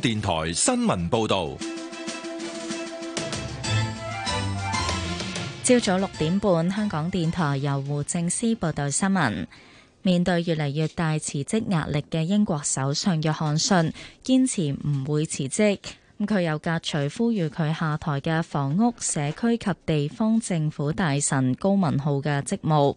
電台新聞報道：朝早六點半，香港電台由胡正思報道新聞。面對越嚟越大辭職壓力嘅英國首相約翰遜，堅持唔會辭職。咁佢又革除呼籲佢下台嘅房屋、社區及地方政府大臣高文浩嘅職務。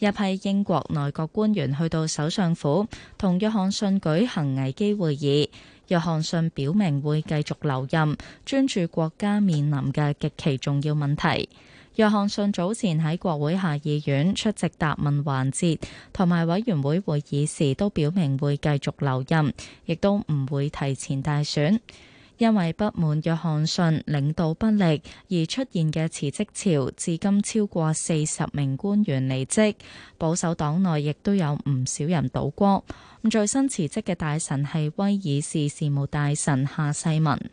一批英國內閣官員去到首相府，同約翰遜舉行危機會議。約翰遜表明會繼續留任，專注國家面臨嘅極其重要問題。約翰遜早前喺國會下議院出席答問環節，同埋委員會會議時都表明會繼續留任，亦都唔會提前大選。因為不滿約翰遜領導不力而出現嘅辭職潮，至今超過四十名官員離職。保守黨內亦都有唔少人倒戈。最新辭職嘅大臣係威爾士事務大臣夏世文。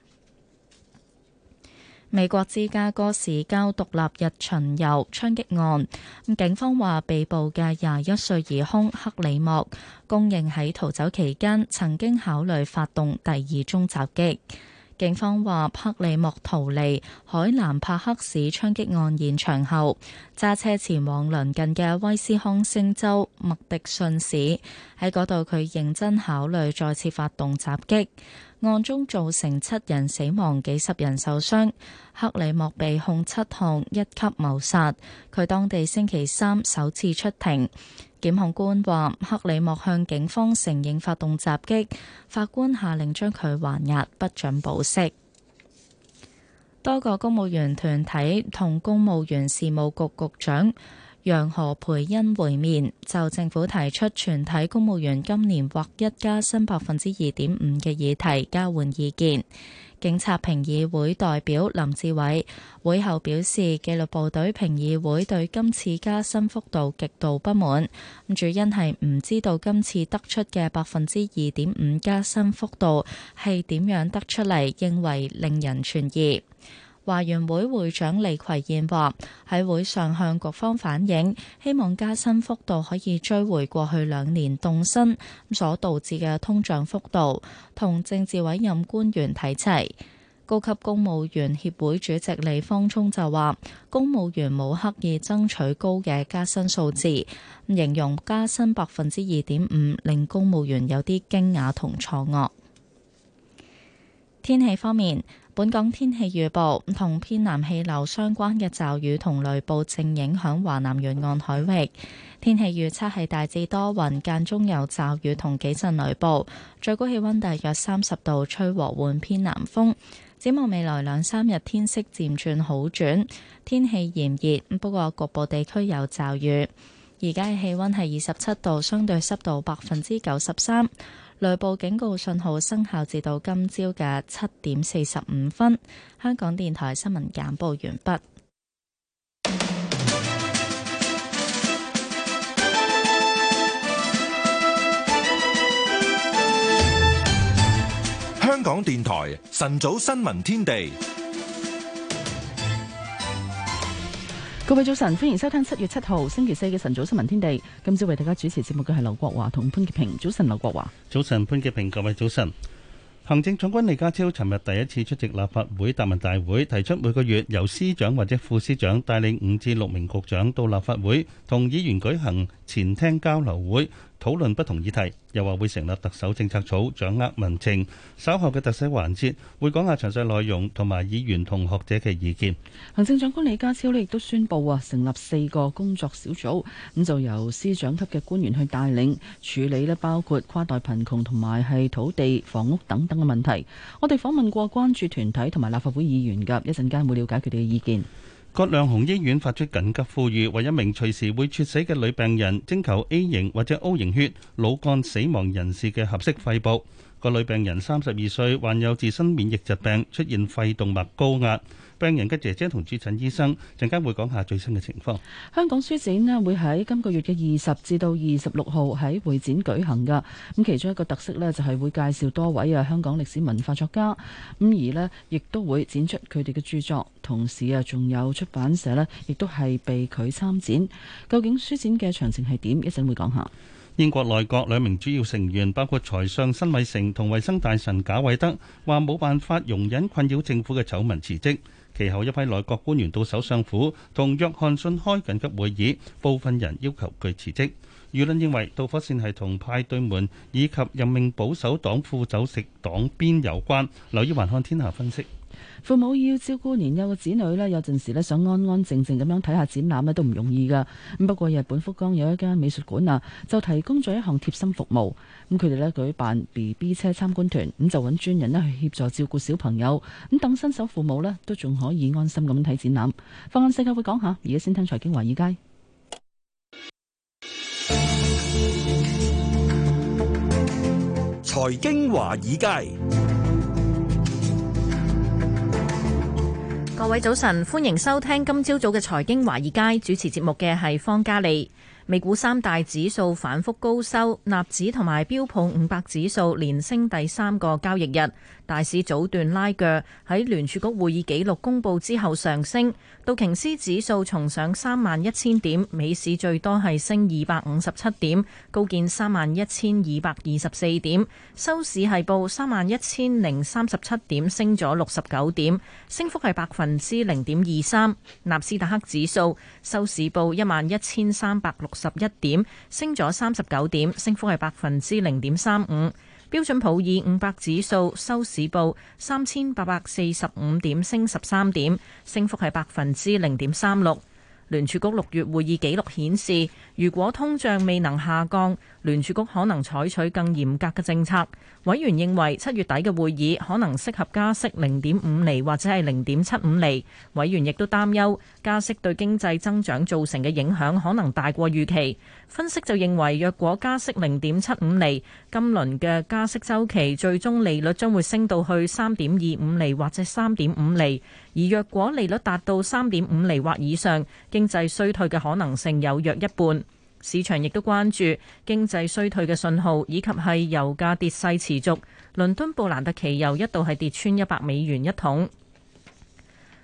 美國芝加哥市郊獨立日巡遊槍擊案，警方話被捕嘅廿一歲疑兇克里莫，供認喺逃走期間曾經考慮發動第二宗襲擊。警方話，克里莫逃離海南帕克市槍擊案現場後，揸車前往鄰近嘅威斯康星州麥迪遜市，喺嗰度佢認真考慮再次發動襲擊。案中造成七人死亡、幾十人受傷。克里莫被控七項一級謀殺，佢當地星期三首次出庭。檢控官話：克里莫向警方承認發動襲擊。法官下令將佢還押，不准保釋。多個公務員團體同公務員事務局局長楊何蓓茵會面，就政府提出全體公務員今年劃一加薪百分之二點五嘅議題交換意見。警察評議會代表林志偉會後表示，紀律部隊評議會對今次加薪幅度極度不滿，主因係唔知道今次得出嘅百分之二點五加薪幅度係點樣得出嚟，認為令人存疑。華員會會長李葵燕話：喺會上向各方反映，希望加薪幅度可以追回過去兩年凍薪所導致嘅通脹幅度，同政治委任官員睇齊。高級公務員協會主席李方聰就話：公務員冇刻意爭取高嘅加薪數字，形容加薪百分之二點五令公務員有啲驚訝同錯愕。天氣方面。本港天氣預報，同偏南氣流相關嘅驟雨同雷暴正影響華南沿岸海域。天氣預測係大致多雲，間中有驟雨同幾陣雷暴。最高氣溫大約三十度，吹和緩偏南風。展望未來兩三日，天色漸轉好轉，天氣炎熱，不過局部地區有驟雨。而家嘅氣溫係二十七度，相對濕度百分之九十三。雷暴警告信號生效至到今朝嘅七點四十五分。香港電台新聞簡報完畢。香港電台晨早新聞天地。各位早晨，歡迎收聽七月七號星期四嘅晨早新聞天地。今朝為大家主持節目嘅係劉國華同潘潔平。早晨，劉國華。早晨，潘潔平。各位早晨。行政長官李家超尋日第一次出席立法會答問大會，提出每個月由司長或者副司長帶領五至六名局長到立法會同議員舉行前廳交流會，討論不同議題，又話會成立特首政策組掌握民情。稍後嘅特色環節會講下詳細內容同埋議員同學者嘅意見。行政長官李家超亦都宣布啊，成立四個工作小組，咁就由司長級嘅官員去帶領處理咧，包括跨代貧窮同埋係土地、房屋等等嘅問題。我哋訪問過關注團體同埋立法會議員噶，一陣間會了解佢哋嘅意見。葛量洪醫院發出緊急呼籲，為一名隨時會猝死嘅女病人徵求 A 型或者 O 型血，腦幹死亡人士嘅合適肺部。個女病人三十二歲，患有自身免疫疾病，出現肺動脈高壓。病人嘅姐姐同主診醫生陣間會講下最新嘅情況。香港書展呢會喺今個月嘅二十至到二十六號喺會展舉行㗎。咁其中一個特色呢，就係會介紹多位啊香港歷史文化作家。咁而呢亦都會展出佢哋嘅著作，同時啊仲有出版社呢，亦都係被佢參展。究竟書展嘅詳情係點？一陣會講下。英國內閣兩名主要成員，包括財相辛偉成同衞生大臣賈偉德，話冇辦法容忍困擾政府嘅醜聞辭職。其後一批內閣官員到首相府同約翰遜開緊急會議，部分人要求佢辭職。輿論認為導火線係同派對門以及任命保守黨副首席黨鞭有關。留意環看天下分析。父母要照顧年幼嘅子女呢，有陣時呢，想安安靜靜咁樣睇下展覽呢都唔容易噶。咁不過日本福岡有一間美術館啊，就提供咗一項貼心服務。咁佢哋呢，舉辦 BB 車參觀團，咁就揾專人呢去協助照顧小朋友，咁等新手父母呢，都仲可以安心咁睇展覽。放眼世界會講下，而家先聽財經華爾街。財經華爾街。.各位早晨，歡迎收聽今朝早嘅財經華爾街，主持節目嘅係方嘉利。美股三大指數反覆高收，納指同埋標普五百指數連升第三個交易日。大市早段拉鋸，喺聯儲局會議紀錄公佈之後上升。道瓊斯指數重上三萬一千點，美市最多係升二百五十七點，高見三萬一千二百二十四點，收市係報三萬一千零三十七點，升咗六十九點，升幅係百分之零點二三。納斯達克指數收市報一萬一千三百六十一點，升咗三十九點，升幅係百分之零點三五。標準普爾五百指數收市報三千八百四十五點，升十三點，升幅係百分之零點三六。聯儲局六月會議紀錄顯示，如果通脹未能下降，聯儲局可能採取更嚴格嘅政策。委員認為七月底嘅會議可能適合加息零點五厘或者係零點七五厘。委員亦都擔憂加息對經濟增長造成嘅影響可能大過預期。分析就認為，若果加息零點七五厘，今輪嘅加息周期最終利率將會升到去三點二五厘或者三點五厘；而若果利率達到三點五厘或以上，經濟衰退嘅可能性有約一半。市場亦都關注經濟衰退嘅信號，以及係油價跌勢持續。倫敦布蘭特期油一度係跌穿一百美元一桶。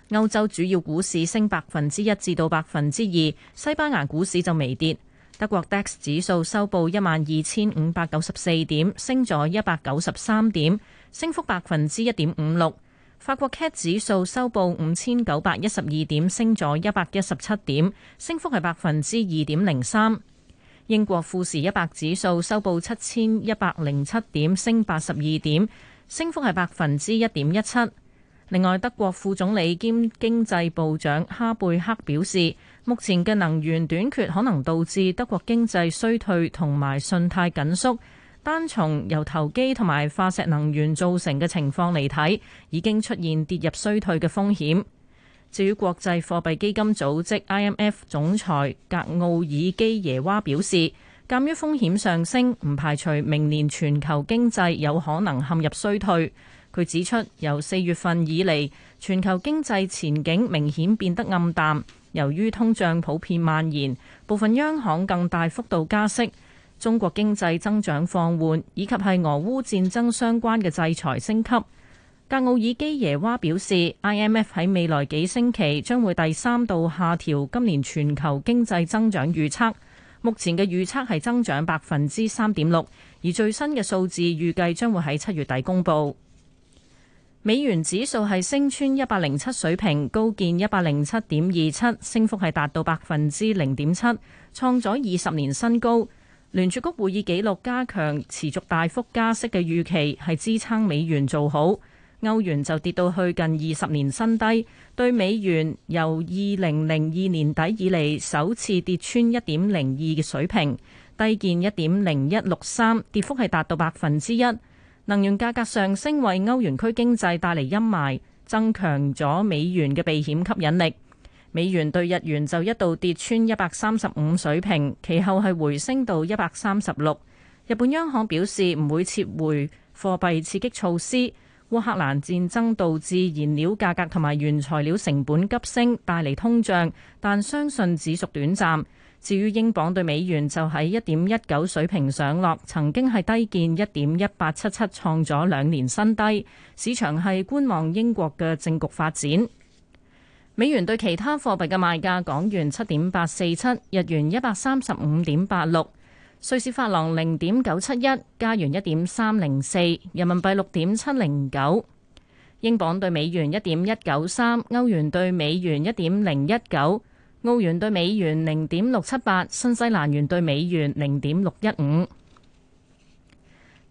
歐洲主要股市升百分之一至到百分之二，西班牙股市就微跌。德國 DAX 指數收報一萬二千五百九十四點，升咗一百九十三點，升幅百分之一點五六。法國 CAC 指數收報五千九百一十二點，升咗一百一十七點，升幅係百分之二點零三。英國富時一百指數收報七千一百零七點，升八十二點，升幅係百分之一點一七。另外，德國副總理兼經濟部長哈貝克表示，目前嘅能源短缺可能導致德國經濟衰退同埋信貸緊縮。單從由投機同埋化石能源造成嘅情況嚟睇，已經出現跌入衰退嘅風險。至於國際貨幣基金組織 IMF 總裁格奧爾基耶娃表示，鑑於風險上升，唔排除明年全球經濟有可能陷入衰退。佢指出，由四月份以嚟，全球經濟前景明顯變得暗淡，由於通脹普遍蔓延，部分央行更大幅度加息。中國經濟增長放緩，以及係俄烏戰爭相關嘅制裁升級。格奧爾基耶娃表示，IMF 喺未來幾星期將會第三度下調今年全球經濟增長預測。目前嘅預測係增長百分之三點六，而最新嘅數字預計將會喺七月底公布。美元指數係升穿一百零七水平，高見一百零七點二七，升幅係達到百分之零點七，創咗二十年新高。聯儲局會議紀錄加強持續大幅加息嘅預期，係支撐美元做好，歐元就跌到去近二十年新低，對美元由二零零二年底以嚟首次跌穿一點零二嘅水平，低見一點零一六三，跌幅係達到百分之一。能源價格上升為歐元區經濟帶嚟陰霾，增強咗美元嘅避險吸引力。美元兌日元就一度跌穿一百三十五水平，其後係回升到一百三十六。日本央行表示唔會撤回貨幣刺激措施。烏克蘭戰爭導致燃料價格同埋原材料成本急升，帶嚟通脹，但相信只屬短暫。至於英鎊兌美元就喺一點一九水平上落，曾經係低見一點一八七七，創咗兩年新低。市場係觀望英國嘅政局發展。美元對其他貨幣嘅賣價：港元七點八四七，日元一百三十五點八六，瑞士法郎零點九七一，加元一點三零四，人民幣六點七零九，英鎊對美元一點一九三，歐元對美元一點零一九，澳元對美元零點六七八，新西蘭元對美元零點六一五。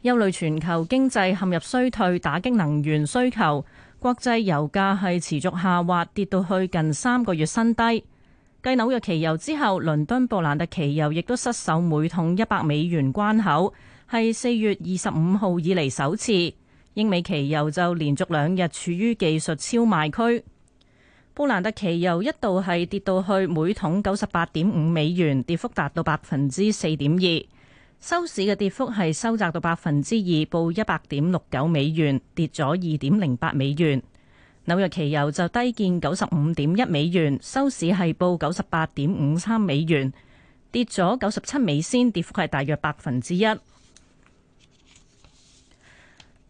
憂慮全球經濟陷入衰退，打擊能源需求。國際油價係持續下滑，跌到去近三個月新低。繼紐約期油之後，倫敦布蘭特期油亦都失守每桶一百美元關口，係四月二十五號以嚟首次。英美期油就連續兩日處於技術超賣區。布蘭特期油一度係跌到去每桶九十八點五美元，跌幅達到百分之四點二。收市嘅跌幅係收窄到百分之二，報一百點六九美元，跌咗二點零八美元。紐約期油就低見九十五點一美元，收市係報九十八點五三美元，跌咗九十七美仙，跌幅係大約百分之一。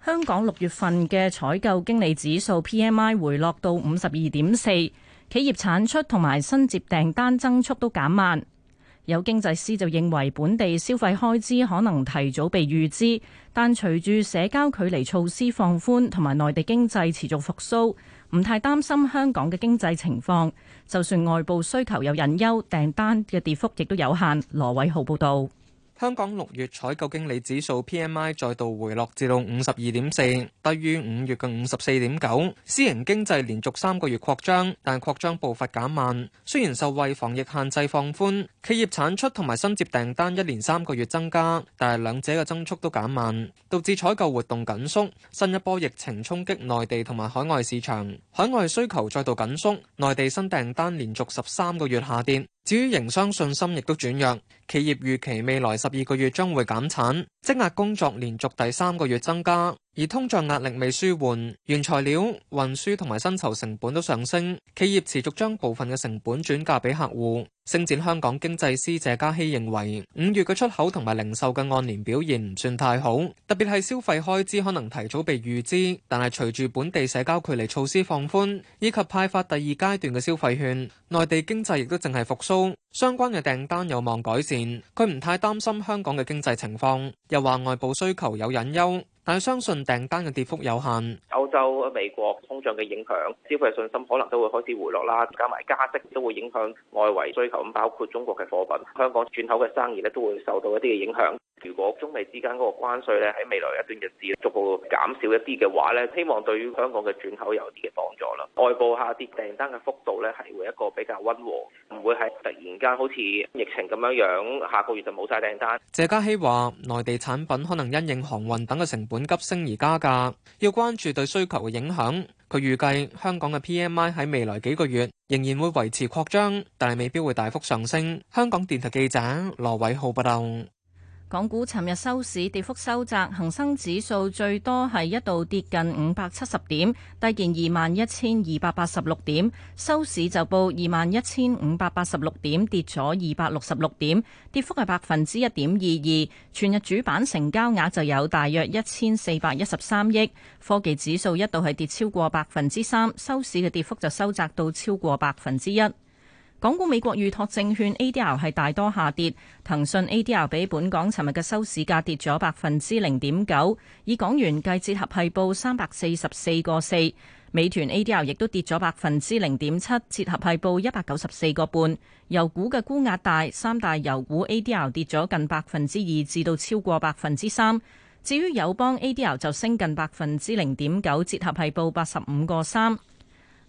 香港六月份嘅採購經理指數 P M I 回落到五十二點四，企業產出同埋新接訂單增速都減慢。有經濟師就認為，本地消費開支可能提早被預支，但隨住社交距離措施放寬同埋內地經濟持續復甦，唔太擔心香港嘅經濟情況。就算外部需求有隱憂，訂單嘅跌幅亦都有限。羅偉豪報導。香港六月採購經理指數 PMI 再度回落至到五十二點四，低於五月嘅五十四點九。私營經濟連續三個月擴張，但擴張步伐減慢。雖然受惠防疫限制放寬，企業產出同埋新接訂單一連三個月增加，但係兩者嘅增速都減慢，導致採購活動緊縮。新一波疫情衝擊內地同埋海外市場，海外需求再度緊縮，內地新訂單連續十三個月下跌。至於營商信心亦都轉弱。企業預期未來十二個月將會減產。積壓工作連續第三個月增加，而通脹壓力未舒緩，原材料、運輸同埋薪酬成本都上升，企業持續將部分嘅成本轉嫁俾客戶。星展香港經濟師謝嘉熙認為，五月嘅出口同埋零售嘅按年表現唔算太好，特別係消費開支可能提早被預支。但係隨住本地社交距離措施放寬，以及派發第二階段嘅消費券，內地經濟亦都淨係復蘇，相關嘅訂單有望改善。佢唔太擔心香港嘅經濟情況。又話外部需求有隱憂。但係相信訂單嘅跌幅有限。歐洲、美國通脹嘅影響消費信心可能都會開始回落啦。加埋加息都會影響外圍需求，咁包括中國嘅貨品、香港轉口嘅生意咧都會受到一啲嘅影響。如果中美之間嗰個關稅咧喺未來一段日子逐步減少一啲嘅話咧，希望對於香港嘅轉口有啲嘅幫助啦。外部下跌訂單嘅幅度咧係會一個比較溫和，唔會係突然間好似疫情咁樣，樣下個月就冇晒訂單。謝家希話，內地產品可能因應航運等嘅成本急升而加價，要關注對需求嘅影響。佢預計香港嘅 PMI 喺未來幾個月仍然會維持擴張，但係未必會大幅上升。香港電台記者羅偉浩報道。港股尋日收市跌幅收窄，恒生指數最多係一度跌近五百七十點，低見二萬一千二百八十六點，收市就報二萬一千五百八十六點，跌咗二百六十六點，跌幅係百分之一點二二。全日主板成交額就有大約一千四百一十三億。科技指數一度係跌超過百分之三，收市嘅跌幅就收窄到超過百分之一。港股，美國預託證券 A.D.R 係大多下跌，騰訊 A.D.R 比本港尋日嘅收市價跌咗百分之零點九，以港元計，折合係報三百四十四個四。美團 A.D.R 亦都跌咗百分之零點七，折合係報一百九十四個半。油股嘅沽壓大，三大油股 A.D.R 跌咗近百分之二至到超過百分之三。至於友邦 A.D.R 就升近百分之零點九，折合係報八十五個三。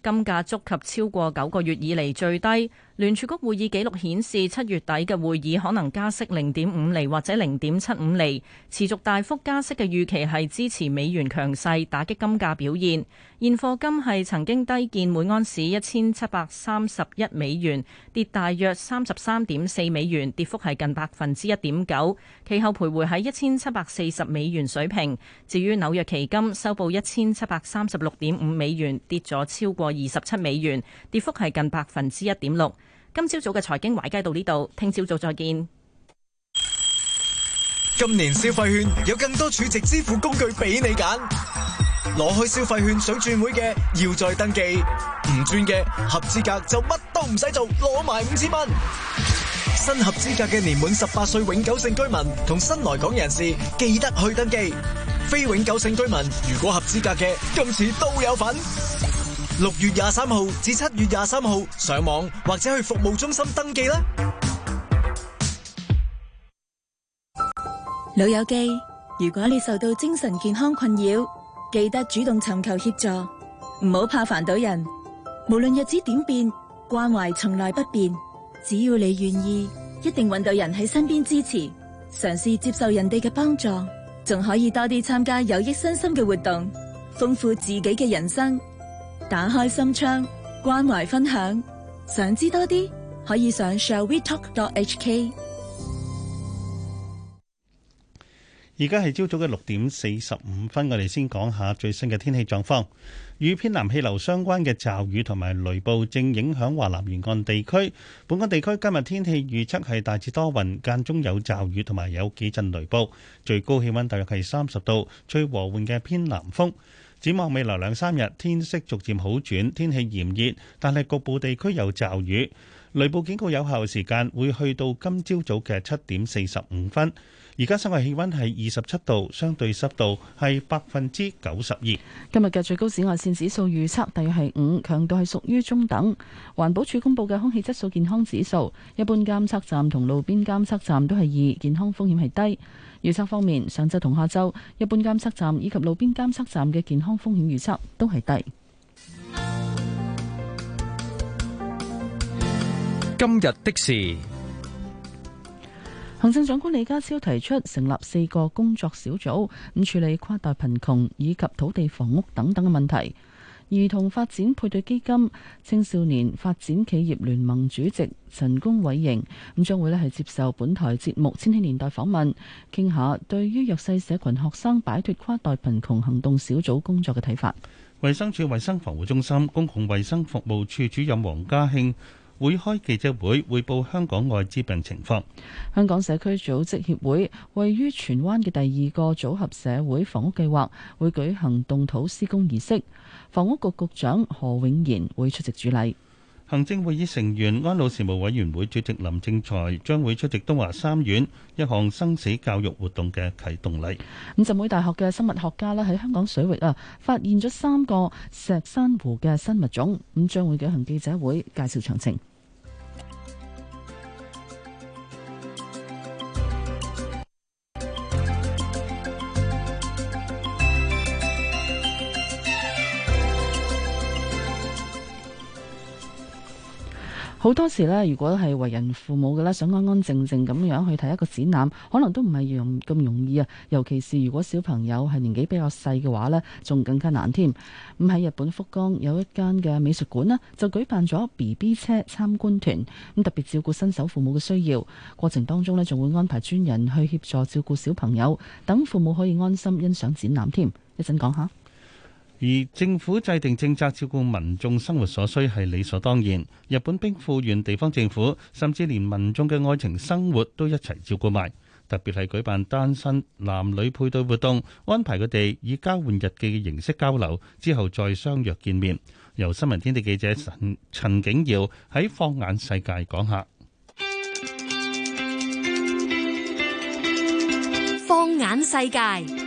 金價觸及超過九個月以嚟最低。聯儲局會議記錄顯示，七月底嘅會議可能加息零點五厘或者零點七五厘，持續大幅加息嘅預期係支持美元強勢，打擊金價表現。現貨金係曾經低見每安士一千七百三十一美元，跌大約三十三點四美元，跌幅係近百分之一點九。其後徘徊喺一千七百四十美元水平。至於紐約期金收報一千七百三十六點五美元，跌咗超過二十七美元，跌幅係近百分之一點六。今朝早嘅財經圍街到呢度，聽朝早再見。今年消費券有更多儲值支付工具俾你揀，攞去消費券想轉會嘅要再登記，唔轉嘅合資格就乜都唔使做，攞埋五千蚊。新合資格嘅年滿十八歲永久性居民同新來港人士記得去登記，非永久性居民如果合資格嘅，今次都有份。六月廿三號至七月廿三號，上網或者去服務中心登記啦。老友記，如果你受到精神健康困擾，記得主動尋求協助，唔好怕煩到人。無論日子點變，關懷從來不變。只要你願意，一定揾到人喺身邊支持。嘗試接受人哋嘅幫助，仲可以多啲參加有益身心嘅活動，豐富自己嘅人生。打開心窗，關懷分享，想知多啲，可以上 shall we talk dot hk。而家係朝早嘅六點四十五分，我哋先講下最新嘅天氣狀況。與偏南氣流相關嘅驟雨同埋雷暴正影響華南沿岸地區。本港地區今日天氣預測係大致多雲，間中有驟雨同埋有幾陣雷暴，最高氣溫大約係三十度，吹和緩嘅偏南風。展望未來兩三日，天色逐漸好轉，天氣炎熱，但係局部地區有驟雨。雷暴警告有效時間會去到今朝早嘅七點四十五分。而家室外氣温係二十七度，相對濕度係百分之九十二。今日嘅最高紫外線指數預測大約係五，強度係屬於中等。環保署公布嘅空氣質素健康指數，一般監測站同路邊監測站都係二，健康風險係低。預測方面，上周同下周，一般監測站以及路邊監測站嘅健康風險預測都係低。今日的事，行政長官李家超提出成立四個工作小組，咁處理跨代貧窮以及土地、房屋等等嘅問題。兒童發展配對基金、青少年發展企業聯盟主席陳公偉瑩，咁將會呢係接受本台節目《千禧年代》訪問，傾下對於弱勢社群學生擺脫跨代貧窮行動小組工作嘅睇法。衛生署衛生防護中心公共衛生服務處主任王家慶。會開記者會匯報香港艾滋病情況。香港社區組織協會位於荃灣嘅第二個組合社會房屋計劃會舉行動土施工儀式，房屋局局長何永賢會出席主禮。行政會議成員，安老事務委員會主席林正財將會出席東華三院一項生死教育活動嘅啟動禮。浸會大學嘅生物學家啦，喺香港水域啊發現咗三個石珊瑚嘅生物種，咁將會舉行記者會介紹詳情。好多時呢，如果係為人父母嘅呢，想安安靜靜咁樣去睇一個展覽，可能都唔係容咁容易啊。尤其是如果小朋友係年紀比較細嘅話呢，仲更加難添。咁喺日本福岡有一間嘅美術館呢，就舉辦咗 BB 車參觀團，咁特別照顧新手父母嘅需要。過程當中呢，仲會安排專人去協助照顧小朋友，等父母可以安心欣賞展覽添。一陣講下。而政府制定政策照顧民眾生活所需係理所當然。日本兵復原，地方政府甚至連民眾嘅愛情生活都一齊照顧埋。特別係舉辦單身男女配對活動，安排佢哋以交換日記嘅形式交流，之後再相約見面。由新聞天地記者陳陳景耀喺放眼世界講下。放眼世界。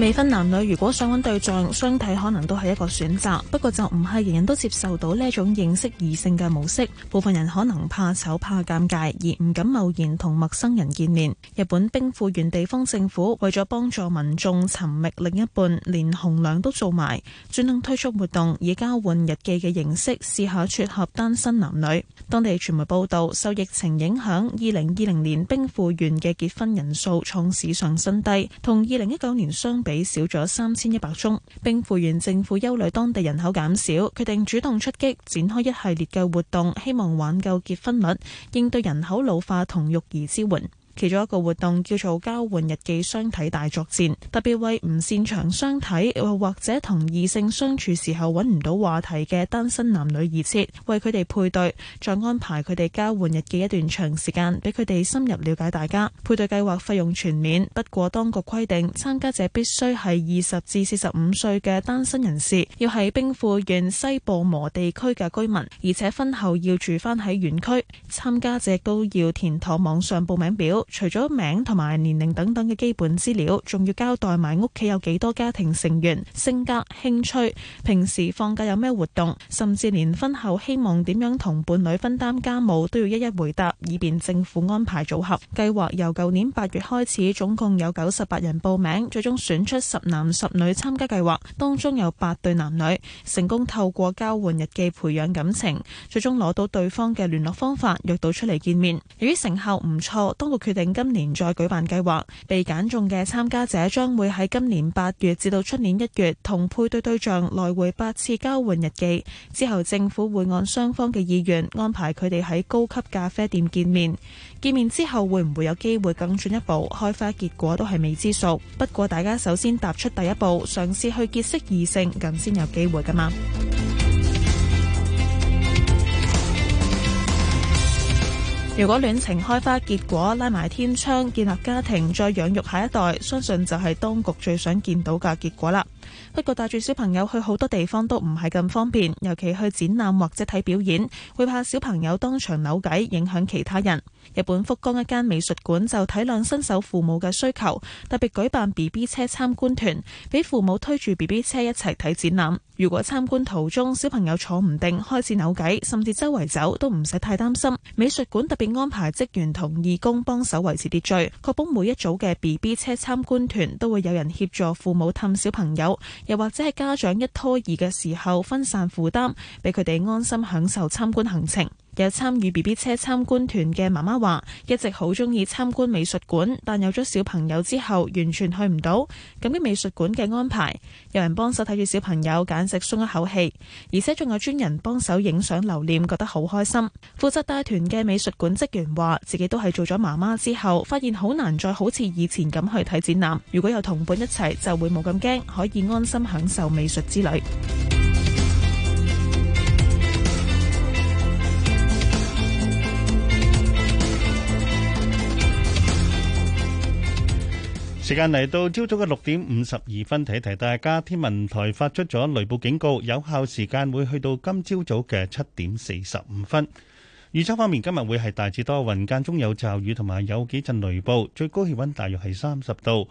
未婚男女，如果想搵對象，相睇可能都係一個選擇。不過就唔係人人都接受到呢種認識異性嘅模式。部分人可能怕醜怕尷尬而唔敢貿然同陌生人見面。日本兵庫縣地方政府為咗幫助民眾尋覓另一半，連紅娘都做埋，專登推出活動，以交換日記嘅形式試下撮合單身男女。當地傳媒報道，受疫情影響，二零二零年兵庫縣嘅結婚人數創史上新低，同二零一九年相比，比少咗三千一百宗，兵庫縣政府憂慮當地人口減少，決定主動出擊，展開一系列嘅活動，希望挽救結婚率，應對人口老化同育兒支援。其中一個活動叫做交換日記相睇大作戰，特別為唔擅長相睇又或，或者同異性相處時候揾唔到話題嘅單身男女而設，為佢哋配對，再安排佢哋交換日記一段長時間，俾佢哋深入了解大家。配對計劃費用全免，不過當局規定參加者必須係二十至四十五歲嘅單身人士，要喺兵庫縣西播磨地區嘅居民，而且婚後要住返喺縣區。參加者都要填妥網上報名表。除咗名同埋年齡等等嘅基本資料，仲要交代埋屋企有幾多家庭成員性格、興趣、平時放假有咩活動，甚至連婚後希望點樣同伴侶分擔家務都要一一回答，以便政府安排組合計劃。由舊年八月開始，總共有九十八人報名，最終選出十男十女參加計劃，當中有八對男女成功透過交換日記培養感情，最終攞到對方嘅聯絡方法，約到出嚟見面。由於成效唔錯，當局決定今年再舉辦計劃，被揀中嘅參加者將會喺今年八月至到出年一月同配對對象來回八次交換日記之後，政府會按雙方嘅意願安排佢哋喺高級咖啡店見面。見面之後會唔會有機會更進一步，開花結果，都係未知數。不過大家首先踏出第一步，嘗試去結識異性，咁先有機會㗎嘛。如果戀情開花結果，拉埋天窗，建立家庭，再養育下一代，相信就係當局最想見到嘅結果啦。不過帶住小朋友去好多地方都唔係咁方便，尤其去展覽或者睇表演，會怕小朋友當場扭計，影響其他人。日本福岡一間美術館就體諒新手父母嘅需求，特別舉辦 BB 車參觀團，俾父母推住 BB 車一齊睇展覽。如果參觀途中小朋友坐唔定，開始扭計，甚至周圍走，都唔使太擔心。美術館特別安排職員同義工幫手維持秩序，確保每一組嘅 BB 車參觀團都會有人協助父母氹小朋友。又或者係家長一拖二嘅時候，分散負擔，俾佢哋安心享受參觀行程。有參與 BB 車參觀團嘅媽媽話：一直好中意參觀美術館，但有咗小朋友之後完全去唔到，感激美術館嘅安排，有人幫手睇住小朋友，簡直鬆一口氣，而且仲有專人幫手影相留念，覺得好開心。負責帶團嘅美術館職員話：自己都係做咗媽媽之後，發現好難再好似以前咁去睇展覽，如果有同伴一齊就會冇咁驚，可以安心享受美術之旅。時間嚟到朝早嘅六點五十二分，提提大家，天文台發出咗雷暴警告，有效時間會去到今朝早嘅七點四十五分。預測方面，今日會係大致多雲，間中有驟雨，同埋有幾陣雷暴，最高氣溫大約係三十度。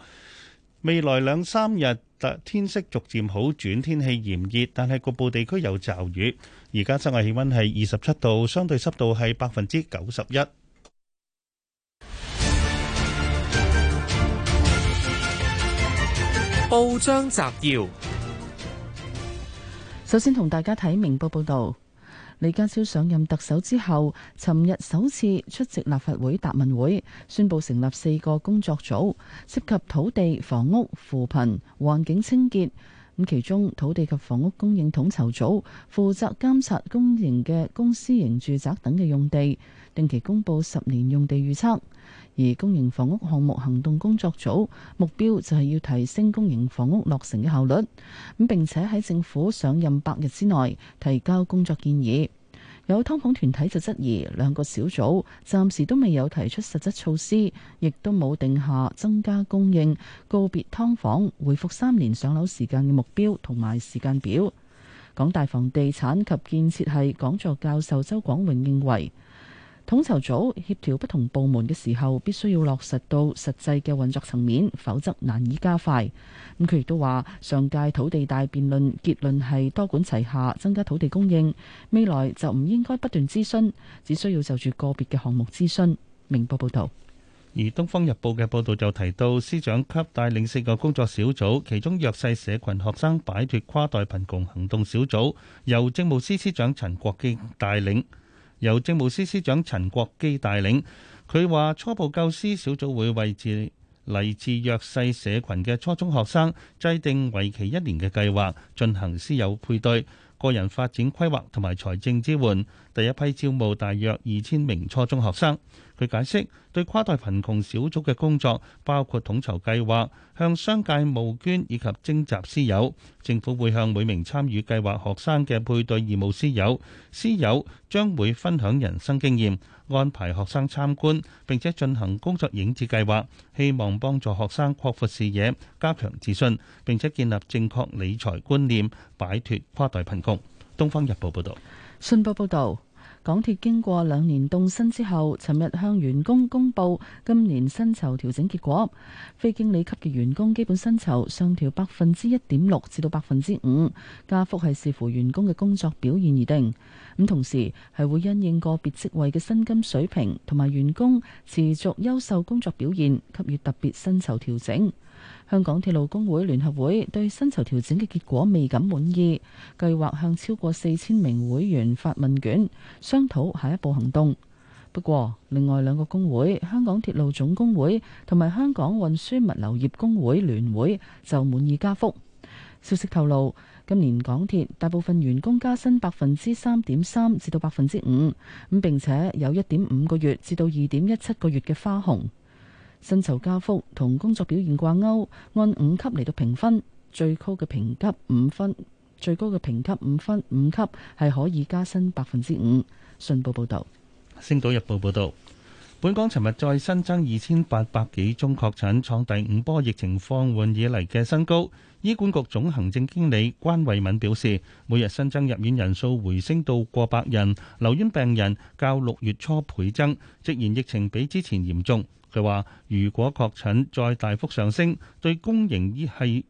未來兩三日，天色逐漸好轉，天氣炎熱，但係局部地區有驟雨。而家室外氣溫係二十七度，相對濕度係百分之九十一。報章摘要：首先同大家睇明報報道，李家超上任特首之後，尋日首次出席立法會答問會，宣佈成立四個工作組，涉及土地、房屋、扶貧、環境清潔。咁其中土地及房屋供應統籌組負責監察公營嘅公私營住宅等嘅用地。定期公布十年用地預測，而公營房屋項目行動工作組目標就係要提升公營房屋落成嘅效率咁，並且喺政府上任百日之內提交工作建議。有劏房團體就質疑，兩個小組暫時都未有提出實質措施，亦都冇定下增加供應、告別劏房、回復三年上樓時間嘅目標同埋時間表。港大房地產及建設系講座教授周廣榮認為。統籌組協調不同部門嘅時候，必須要落實到實際嘅運作層面，否則難以加快。咁佢亦都話，上屆土地大辯論結論係多管齊下，增加土地供應，未來就唔應該不斷諮詢，只需要就住個別嘅項目諮詢。明報報道，而《東方日報》嘅報道就提到，司長級帶領四個工作小組，其中弱勢社群學生擺脫跨代貧窮行動小組，由政務司司長陳國基帶領。由政務司司長陳國基帶領，佢話初步教師小組會為自嚟自弱勢社群嘅初中學生制定為期一年嘅計劃，進行師友配對、個人發展規劃同埋財政支援。第一批招募大約二千名初中學生。佢解釋對跨代貧窮小組嘅工作包括統籌計劃、向商界募捐以及徵集私友。政府會向每名參與計劃學生嘅配對義務私有，私有將會分享人生經驗，安排學生參觀，並且進行工作影子計劃，希望幫助學生擴闊視野、加強自信，並且建立正確理財觀念，擺脱跨代貧窮。《東方日報》報道。《信報》報道。港鐵經過兩年凍薪之後，尋日向員工公布今年薪酬調整結果。非經理級嘅員工基本薪酬上調百分之一點六至到百分之五，加幅係視乎員工嘅工作表現而定。咁同時係會因應個別職位嘅薪金水平同埋員工持續優秀工作表現，給予特別薪酬調整。香港鐵路工會聯合會對薪酬調整嘅結果未敢滿意，計劃向超過四千名會員發問卷，商討下一步行動。不過，另外兩個工會——香港鐵路總工會同埋香港運輸物流業工會聯會就滿意加幅。消息透露，今年港鐵大部分員工加薪百分之三點三至到百分之五，咁並且有一點五個月至到二點一七個月嘅花紅。薪酬加幅同工作表現掛鈎，按五級嚟到評分，最高嘅評級五分，五級，最高嘅評級五分，五級係可以加薪百分之五。信報報道，星島日報報道。本港尋日再新增二千八百幾宗確診，創第五波疫情放緩以嚟嘅新高。醫管局總行政經理關慧敏表示，每日新增入院人數回升到過百人，留院病人較六月初倍增，直言疫情比之前嚴重。佢話：如果確診再大幅上升，對公營醫系、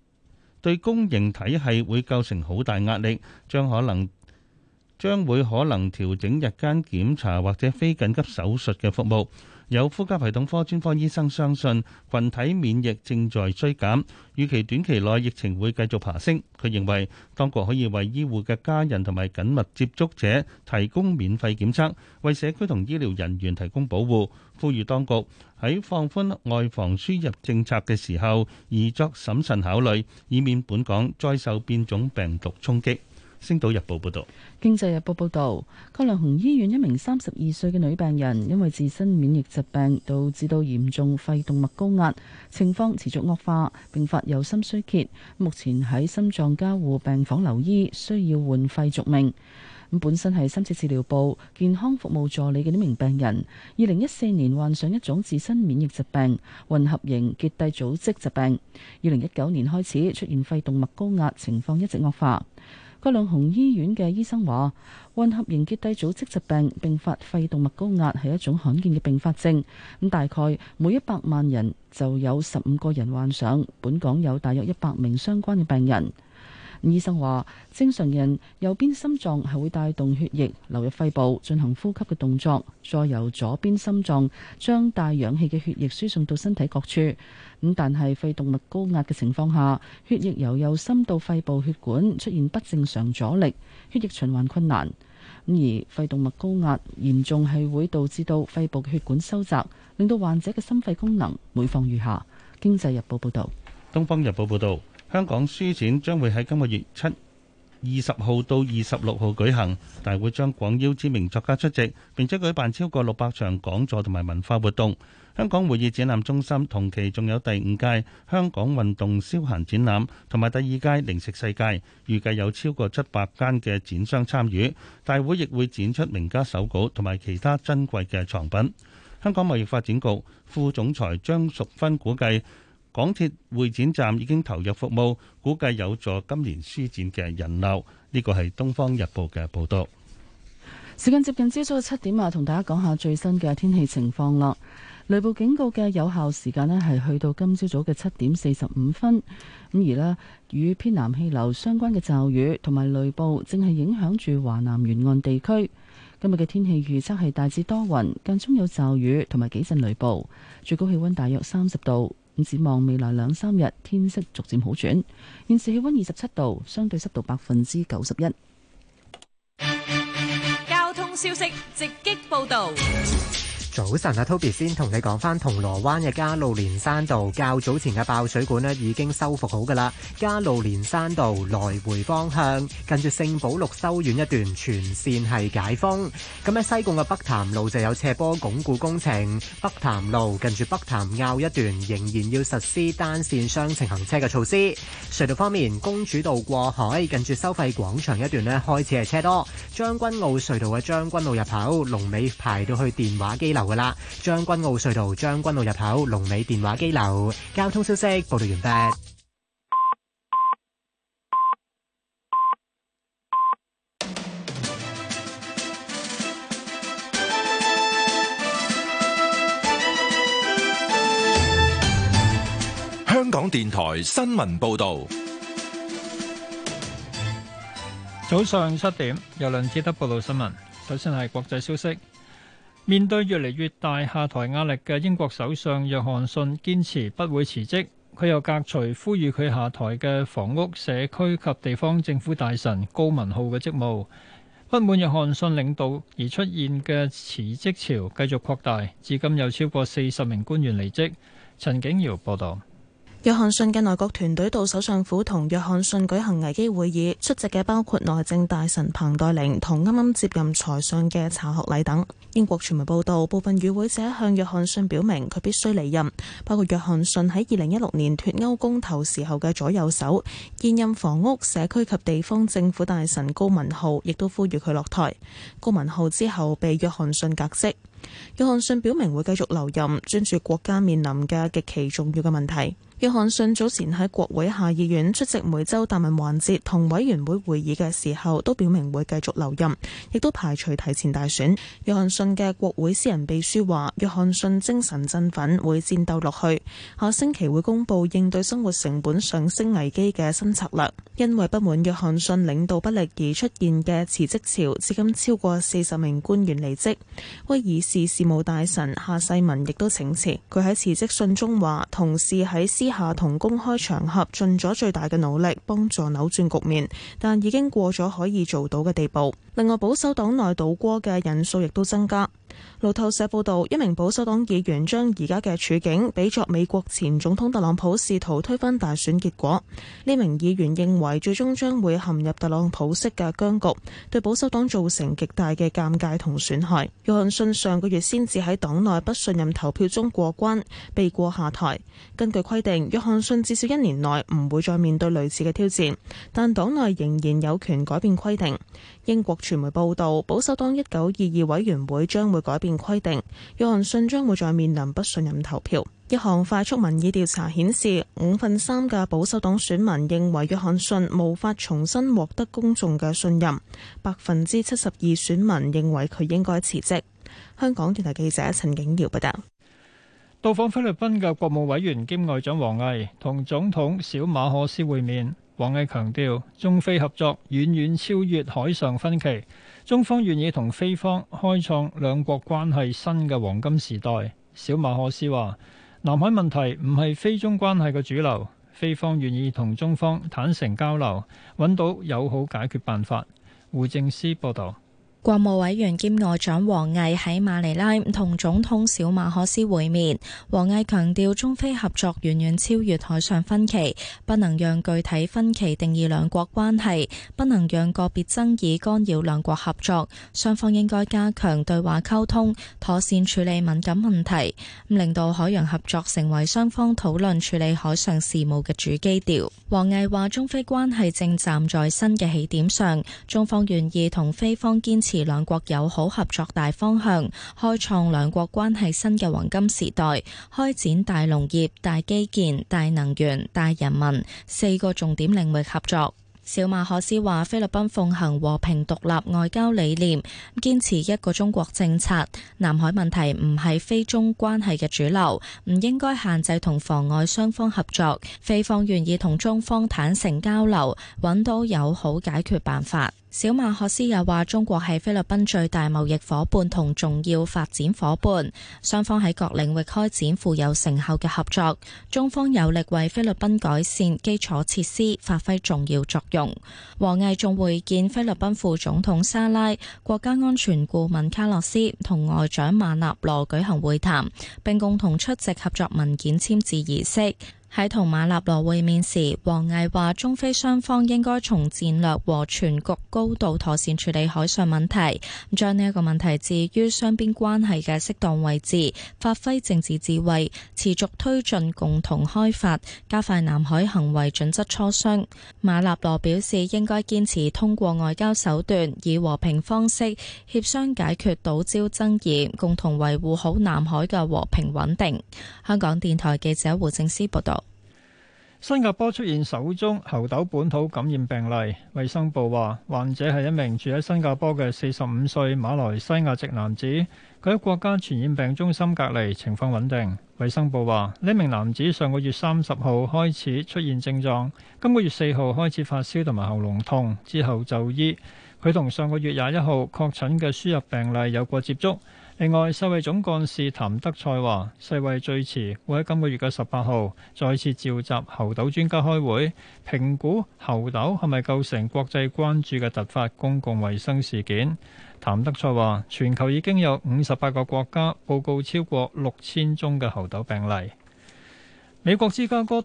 對公營體系會構成好大壓力，將可能。將會可能調整日間檢查或者非緊急手術嘅服務。有呼吸系統科專科醫生相信，羣體免疫正在衰減，預期短期內疫情會繼續爬升。佢認為，當局可以為醫護嘅家人同埋緊密接觸者提供免費檢測，為社區同醫療人員提供保護。呼籲當局喺放寬外防輸入政策嘅時候，宜作審慎考慮，以免本港再受變種病毒衝擊。星島日報報道，經濟日報報道，葛量洪醫院一名三十二歲嘅女病人，因為自身免疫疾病導致到嚴重肺動脈高壓，情況持續惡化，併發右心衰竭，目前喺心臟加護病房留醫，需要換肺續命。咁本身係深切治療部健康服務助理嘅呢名病人，二零一四年患上一種自身免疫疾病，混合型結締組織疾病，二零一九年開始出現肺動脈高壓，情況一直惡化。葛量洪醫院嘅醫生話，混合型結締組織疾病併發肺動脈高壓係一種罕見嘅併發症，咁大概每一百萬人就有十五個人患上，本港有大約一百名相關嘅病人。醫生話：正常人右邊心臟係會帶動血液流入肺部進行呼吸嘅動作，再由左邊心臟將帶氧氣嘅血液輸送到身體各處。咁但係肺動脈高壓嘅情況下，血液由右心到肺部血管出現不正常阻力，血液循環困難。咁而肺動脈高壓嚴重係會導致到肺部嘅血管收窄，令到患者嘅心肺功能每況愈下。經濟日報報道。東方日報報道。香港書展將會喺今個月七二十號到二十六號舉行，大會將廣邀知名作家出席，並且舉辦超過六百場講座同埋文化活動。香港會議展覽中心同期仲有第五屆香港運動消閒展覽同埋第二屆零食世界，預計有超過七百間嘅展商參與。大會亦會展出名家手稿同埋其他珍貴嘅藏品。香港貿易發展局副總裁張淑芬估，估計。港鐵會展站已經投入服務，估計有助今年書展嘅人流。呢個係《東方日報》嘅報道。時間接近朝早嘅七點啊，同大家講下最新嘅天氣情況啦。雷暴警告嘅有效時間呢係去到今朝早嘅七點四十五分。咁而呢，與偏南氣流相關嘅驟雨同埋雷暴正係影響住華南沿岸地區。今日嘅天氣預測係大致多雲，間中有驟雨同埋幾陣雷暴，最高氣溫大約三十度。展望未來兩三日，天色逐漸好轉。現時氣溫二十七度，相對濕度百分之九十一。交通消息直擊報導。早晨啊，Toby 先同你講翻銅鑼灣嘅加路連山道較早前嘅爆水管呢已經修復好噶啦加路連山道來回方向，近住聖保祿修院一段全綫係解封。咁喺西貢嘅北潭路就有斜坡鞏固工程，北潭路近住北潭坳一段仍然要實施單綫雙程行車嘅措施。隧道方面，公主道過海近住收費廣場一段呢開始係車多，將軍澳隧道嘅將軍澳入口龍尾排到去電話機樓。啦，將軍澳隧道將軍澳入口，龍尾電話機樓。交通消息報道完畢。香港電台新聞報道，早上七點由梁志德報道新聞。首先係國際消息。面對越嚟越大下台壓力嘅英國首相約翰遜堅持不會辭職，佢又革除呼籲佢下台嘅房屋社區及地方政府大臣高文浩嘅職務。不滿約翰遜領導而出現嘅辭職潮繼續擴大，至今有超過四十名官員離職。陳景堯報道。約翰遜嘅內閣團隊到首相府同約翰遜舉行危機會議，出席嘅包括內政大臣彭黛玲同啱啱接任財相嘅查學禮等。英國傳媒報道，部分與會者向約翰遜表明佢必須離任，包括約翰遜喺二零一六年脫歐公投時候嘅左右手、現任房屋、社區及地方政府大臣高文浩，亦都呼籲佢落台。高文浩之後被約翰遜革職。約翰遜表明會繼續留任，專注國家面臨嘅極其重要嘅問題。約翰遜早前喺國會下議院出席每周答問環節同委員會會議嘅時候，都表明會繼續留任，亦都排除提前大選。約翰遜嘅國會私人秘書話：約翰遜精神振奮，會戰鬥落去，下星期會公佈應對生活成本上升危機嘅新策略。因為不滿約翰遜領導不力而出現嘅辭職潮，至今超過四十名官員離職。威爾士事務大臣夏世民亦都請辭。佢喺辭職信中話：同事喺私下同公開場合盡咗最大嘅努力幫助扭轉局面，但已經過咗可以做到嘅地步。另外，保守黨內倒戈嘅人數亦都增加。路透社報道，一名保守黨議員將而家嘅處境比作美國前總統特朗普試圖推翻大選結果。呢名議員認為，最終將會陷入特朗普式嘅僵局，對保守黨造成極大嘅尷尬同損害。約翰遜上個月先至喺黨內不信任投票中過關，避過下台。根據規定，約翰遜至少一年內唔會再面對類似嘅挑戰，但黨內仍然有權改變規定。英國傳媒報道，保守黨一九二二委員會將會改變規定，約翰遜將會再面臨不信任投票。一項快速民意調查顯示，五分三嘅保守黨選民認為約翰遜無法重新獲得公眾嘅信任，百分之七十二選民認為佢應該辭職。香港電台記者陳景耀報道。到訪菲律賓嘅國務委員兼外長王毅同總統小馬可斯會面。王毅強調，中菲合作遠遠超越海上分歧，中方願意同菲方開創兩國關係新嘅黃金時代。小馬可斯話：南海問題唔係菲中關係嘅主流，菲方願意同中方坦誠交流，揾到友好解決辦法。胡正思報道。國務委員兼外長王毅喺馬尼拉同總統小馬可斯會面。王毅強調，中菲合作遠遠超越海上分歧，不能讓具體分歧定義兩國關係，不能讓個別爭議干擾兩國合作。雙方應該加強對話溝通，妥善處理敏感問題，令到海洋合作成為雙方討論處理海上事務嘅主基調。王毅話，中菲關係正站在新嘅起點上，中方願意同菲方堅持持兩國友好合作大方向，開創兩國關係新嘅黃金時代，開展大農業、大基建、大能源、大人民四個重點領域合作。小馬可斯話：菲律賓奉行和平獨立外交理念，堅持一個中國政策。南海問題唔係菲中關係嘅主流，唔應該限制同妨礙雙方合作。菲方願意同中方坦誠交流，搵到友好解決辦法。小馬可斯又話：中國係菲律賓最大貿易伙伴同重要發展伙伴，雙方喺各領域開展富有成效嘅合作。中方有力為菲律賓改善基礎設施發揮重要作用。王毅仲會見菲律賓副總統沙拉、國家安全顧問卡洛斯同外長馬納羅舉，舉行會談，並共同出席合作文件簽字儀式。喺同馬納羅會面時，王毅話：中菲雙方應該從戰略和全局高度妥善處理海上問題，咁將呢一個問題置於雙邊關係嘅適當位置，發揮政治智慧，持續推進共同開發，加快南海行為準則磋商。馬納羅表示應該堅持通過外交手段，以和平方式協商解決島礁爭議，共同維護好南海嘅和平穩定。香港電台記者胡正思報道。新加坡出現首宗猴痘本土感染病例，衛生部話患者係一名住喺新加坡嘅四十五歲馬來西亞籍男子，佢喺國家傳染病中心隔離，情況穩定。衛生部話呢名男子上個月三十號開始出現症狀，今個月四號開始發燒同埋喉嚨痛，之後就醫。佢同上個月廿一號確診嘅輸入病例有過接觸。另外，世衛總幹事譚德塞話，世衛最遲會喺今個月嘅十八號再次召集猴痘專家開會，評估猴痘係咪構成國際關注嘅突發公共衛生事件。譚德塞話，全球已經有五十八個國家報告超過六千宗嘅猴痘病例，美國芝加哥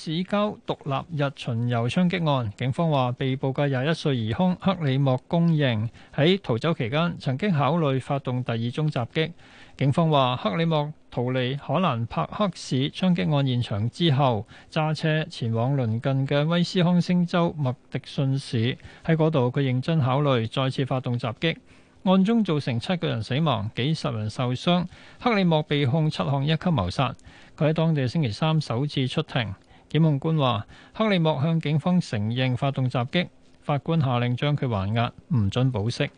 市郊獨立日巡遊槍擊案，警方話被捕嘅廿一歲疑兇克里莫供認喺逃走期間曾經考慮發動第二宗襲擊。警方話，克里莫逃離可蘭帕克市槍擊案現場之後，揸車前往鄰近嘅威斯康星州麥迪遜市。喺嗰度，佢認真考慮再次發動襲擊。案中造成七個人死亡，幾十人受傷。克里莫被控七項一級謀殺。佢喺當地星期三首次出庭。檢控官話，克里莫向警方承認發動襲擊，法官下令將佢還押，唔准保釋。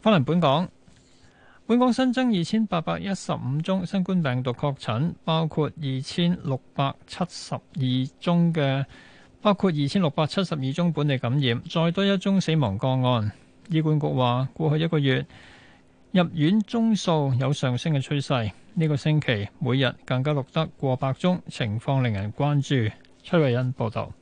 翻嚟本港，本港新增二千八百一十五宗新冠病毒確診，包括二千六百七十二宗嘅，包括二千六百七十二宗本地感染，再多一宗死亡個案。醫管局話，過去一個月，入院宗數有上升嘅趨勢。呢個星期每日更加錄得過百宗，情況令人關注。崔慧欣報導，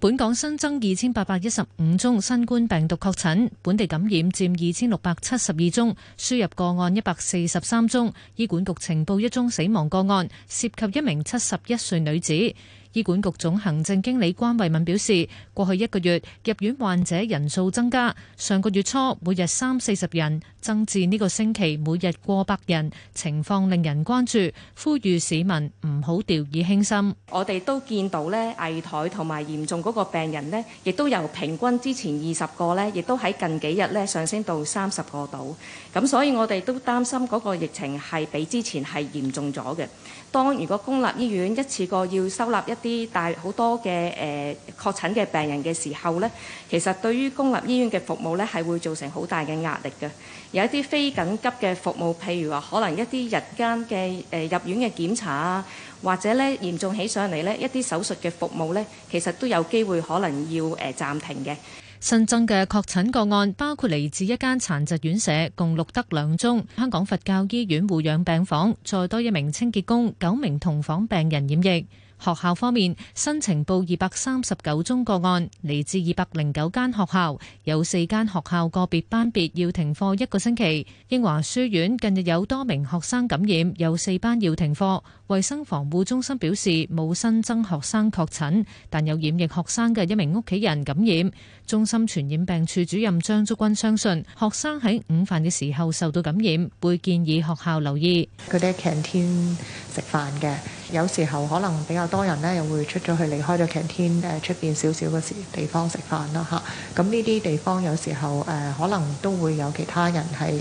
本港新增二千八百一十五宗新冠病毒確診，本地感染佔二千六百七十二宗，輸入個案一百四十三宗。醫管局呈報一宗死亡個案，涉及一名七十一歲女子。醫管局總行政經理關慧敏表示，過去一個月入院患者人數增加，上個月初每日三四十人，增至呢個星期每日過百人，情況令人關注，呼籲市民唔好掉以輕心。 我哋都見到呢危殆同埋嚴重嗰個病人呢，亦都由平均之前二十個呢，亦都喺近幾日呢上升到三十個度。咁所以我哋都擔心嗰個疫情係比之前係嚴重咗嘅。當如果公立醫院一次過要收納一啲大好多嘅誒確診嘅病人嘅時候呢，其實對於公立醫院嘅服務呢係會造成好大嘅壓力嘅。有一啲非緊急嘅服務，譬如話可能一啲日間嘅誒入院嘅檢查啊，或者呢嚴重起上嚟呢一啲手術嘅服務呢，其實都有機會可能要誒暫停嘅。新增嘅確診個案包括嚟自一間殘疾院舍，共錄得兩宗。香港佛教醫院護養病房再多一名清潔工，九名同房病人染疫。學校方面，新情報二百三十九宗個案嚟自二百零九間學校，有四間學校個別班別要停課一個星期。英華書院近日有多名學生感染，有四班要停課。衛生防護中心表示冇新增學生確診，但有染疫學生嘅一名屋企人感染。中心傳染病處主任張竹君相信，學生喺午飯嘅時候受到感染，會建議學校留意。佢哋喺 canteen 食飯嘅，有時候可能比較多人咧，又會出咗去離開咗 canteen 誒出邊少少嘅時地方食飯啦嚇。咁呢啲地方有時候誒、呃、可能都會有其他人係誒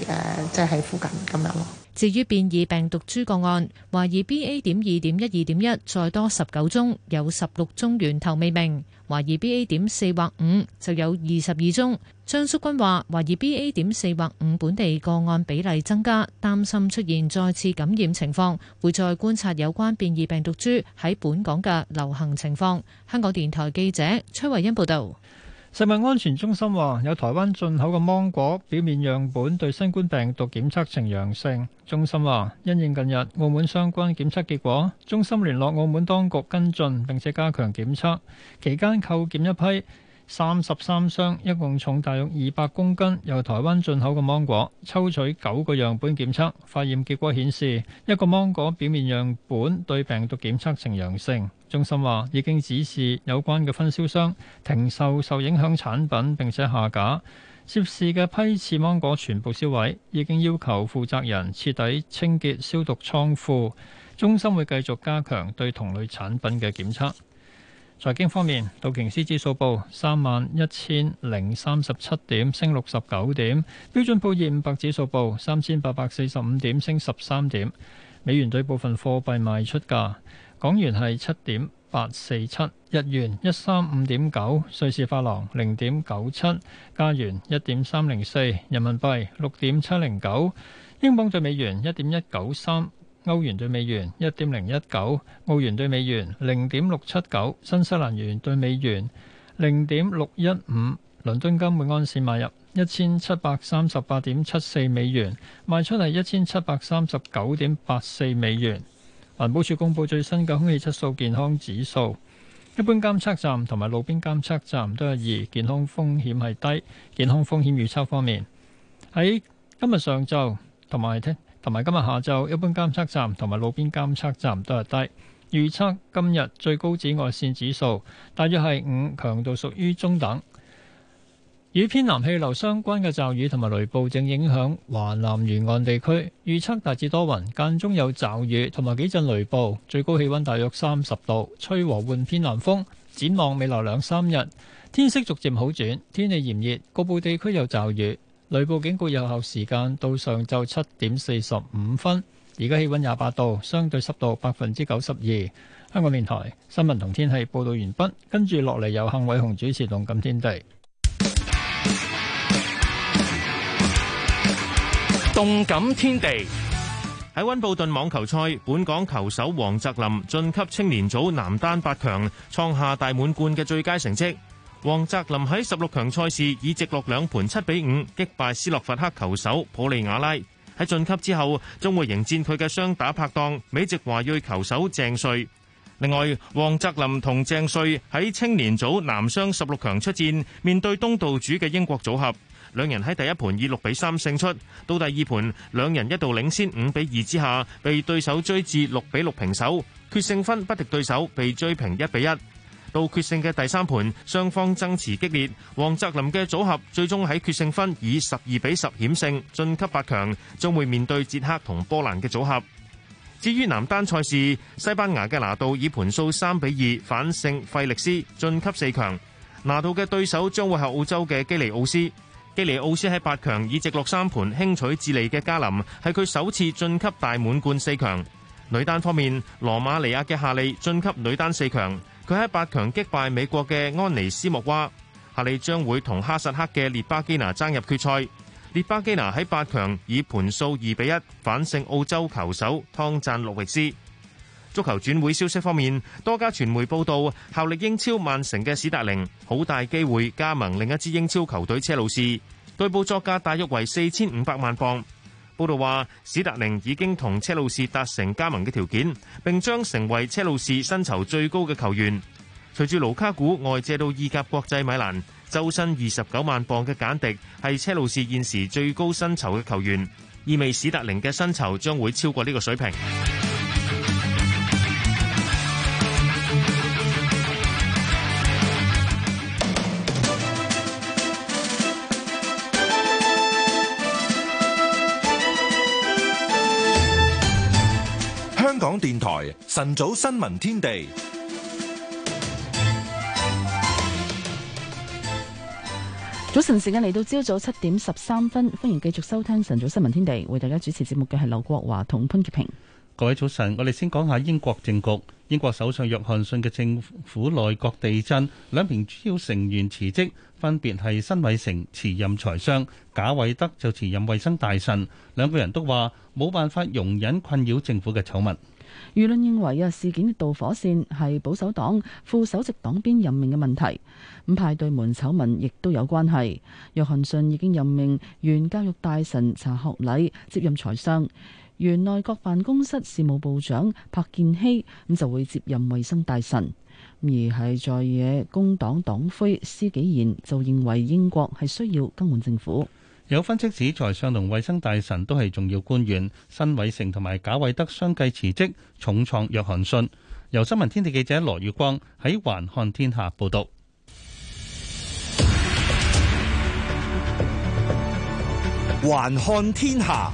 即係喺附近咁樣咯。至於變異病毒株個案，懷疑 B A. 點二點一二點一再多十九宗，有十六宗源頭未明；懷疑 B A. 點四或五就有二十二宗。張淑君話：懷疑 B A. 點四或五本地個案比例增加，擔心出現再次感染情況，會再觀察有關變異病毒株喺本港嘅流行情況。香港電台記者崔慧欣報道。食物安全中心話，有台灣進口嘅芒果表面樣本對新冠病毒檢測呈陽性。中心話，因應近日澳門相關檢測結果，中心聯絡澳門當局跟進並且加強檢測，期間扣檢一批。三十三箱，一共重大約二百公斤，由台灣進口嘅芒果，抽取九個樣本檢測，化驗結果顯示一個芒果表面樣本對病毒檢測呈陽性。中心話已經指示有關嘅分銷商停售受，受影響產品並且下架，涉事嘅批次芒果全部銷毀，已經要求負責人徹底清潔消毒倉庫。中心會繼續加強對同類產品嘅檢測。財經方面，道瓊斯指數報三萬一千零三十七點，升六十九點；標準普爾五百指數報三千八百四十五點，升十三點。美元對部分貨幣賣出價，港元係七點八四七，日元一三五點九，瑞士法郎零點九七，加元一點三零四，人民幣六點七零九，英鎊對美元一點一九三。歐元對美元一點零一九，澳元對美元零點六七九，新西蘭元對美元零點六一五，倫敦金每安士買入一千七百三十八點七四美元，賣出嚟一千七百三十九點八四美元。環保署公佈最新嘅空氣質素健康指數，一般監測站同埋路邊監測站都係二，健康風險係低。健康風險預測方面，喺今日上晝同埋聽。同埋今日下晝，一般監測站同埋路邊監測站都係低。預測今日最高紫外線指數大約係五，強度屬於中等。與偏南氣流相關嘅驟雨同埋雷暴正影響華南沿岸地區，預測大致多雲，間中有驟雨同埋幾陣雷暴。最高氣温大約三十度，吹和緩偏南風。展望未來兩三日，天色逐漸好轉，天氣炎熱，局部地區有驟雨。雷暴警告有效時間到上晝七點四十五分。而家氣温廿八度，相對濕度百分之九十二。香港電台新聞同天氣報道完畢，跟住落嚟由幸偉雄主持《動感天地》。《動感天地》喺溫布頓網球賽，本港球手黃澤林晉級青年組男單八強，創下大滿貫嘅最佳成績。王澤林喺十六強賽事以直落兩盤七比五擊敗斯洛伐克球手普利瓦拉，喺晉級之後將會迎戰佢嘅雙打拍檔美籍華裔球手鄭瑞。另外，王澤林同鄭瑞喺青年組男雙十六強出戰，面對東道主嘅英國組合，兩人喺第一盤以六比三勝出，到第二盤兩人一度領先五比二之下，被對手追至六比六平手，決勝分不敵對手，被追平一比一。16 7比5 16比3 5比6比6 1比1到決勝嘅第三盤，雙方爭持激烈。王澤林嘅組合最終喺決勝分以十二比十險勝晉級八強，將會面對捷克同波蘭嘅組合。至於男單賽事，西班牙嘅拿度以盤數三比二反勝費力斯晉級四強。拿度嘅對手將會係澳洲嘅基尼奧斯。基尼奧斯喺八強以直落三盤輕取智利嘅加林，係佢首次晉級大滿貫四強。女單方面，羅馬尼亞嘅夏利晉級女單四強。佢喺八強擊敗美國嘅安尼斯莫娃，下嚟將會同哈薩克嘅列巴基娜爭入決賽。列巴基娜喺八強以盤數二比一反勝澳洲球手湯讚洛維斯。足球轉會消息方面，多家傳媒報道效力英超曼城嘅史達寧好大機會加盟另一支英超球隊車路士，對報作價大約為四千五百萬鎊。報道話，史特寧已經同車路士達成加盟嘅條件，並將成為車路士薪酬最高嘅球員。隨住盧卡古外借到意甲國際米蘭，周薪二十九萬鎊嘅簡迪係車路士現時最高薪酬嘅球員，意味史特寧嘅薪酬將會超過呢個水平。港電台晨早新聞天地，早晨時間嚟到朝早七點十三分，歡迎繼續收聽晨早新聞天地，為大家主持節目嘅係劉國華同潘潔平。各位早晨，我哋先講下英國政局。英國首相約翰遜嘅政府內閣地震，兩名主要成員辭職，分別係辛偉誠辭任財相，賈偉德就辭任衛生大臣。兩個人都話冇辦法容忍困擾政府嘅醜聞。輿論認為啊，事件嘅導火線係保守黨副首席黨鞭任命嘅問題，咁派對門醜聞亦都有關係。約翰遜已經任命原教育大臣查學禮接任財相，原內閣辦公室事務部長柏建熙咁就會接任衛生大臣。而係在野工黨黨魁施紀賢就認為英國係需要更換政府。有分析指，財相同衛生大臣都係重要官員，辛偉成同埋賈偉德相繼辭職，重創約翰遜。由新聞天地記者羅月光喺《環看天下》報道。《環看天下》，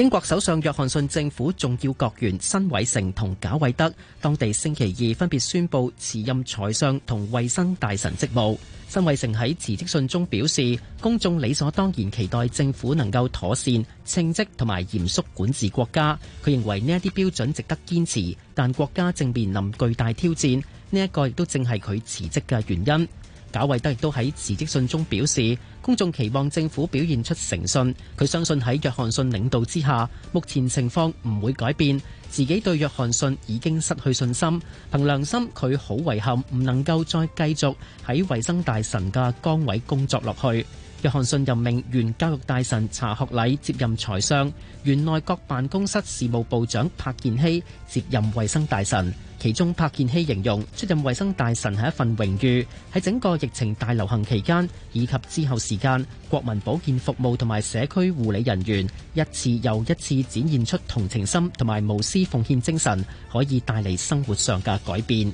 英國首相約翰遜政府重要閣員辛偉成同賈偉德，當地星期二分別宣布辭任財相同衛生大臣職務。辛偉誠喺辭職信中表示，公眾理所當然期待政府能夠妥善稱職同埋嚴肅管治國家。佢認為呢一啲標準值得堅持，但國家正面臨巨大挑戰，呢、這、一個亦都正係佢辭職嘅原因。賈偉德亦都喺辭職信中表示，公眾期望政府表現出誠信。佢相信喺約翰遜領導之下，目前情況唔會改變。自己對約翰遜已經失去信心。憑良心，佢好遺憾唔能夠再繼續喺衛生大臣嘅崗位工作落去。約翰遜任命原教育大臣查學禮接任財相，原內閣辦公室事務部長柏建熙接任衛生大臣。其中，柏建熙形容出任衛生大臣係一份榮譽，喺整個疫情大流行期間以及之後時間，國民保健服務同埋社區護理人員一次又一次展現出同情心同埋無私奉獻精神，可以帶嚟生活上嘅改變。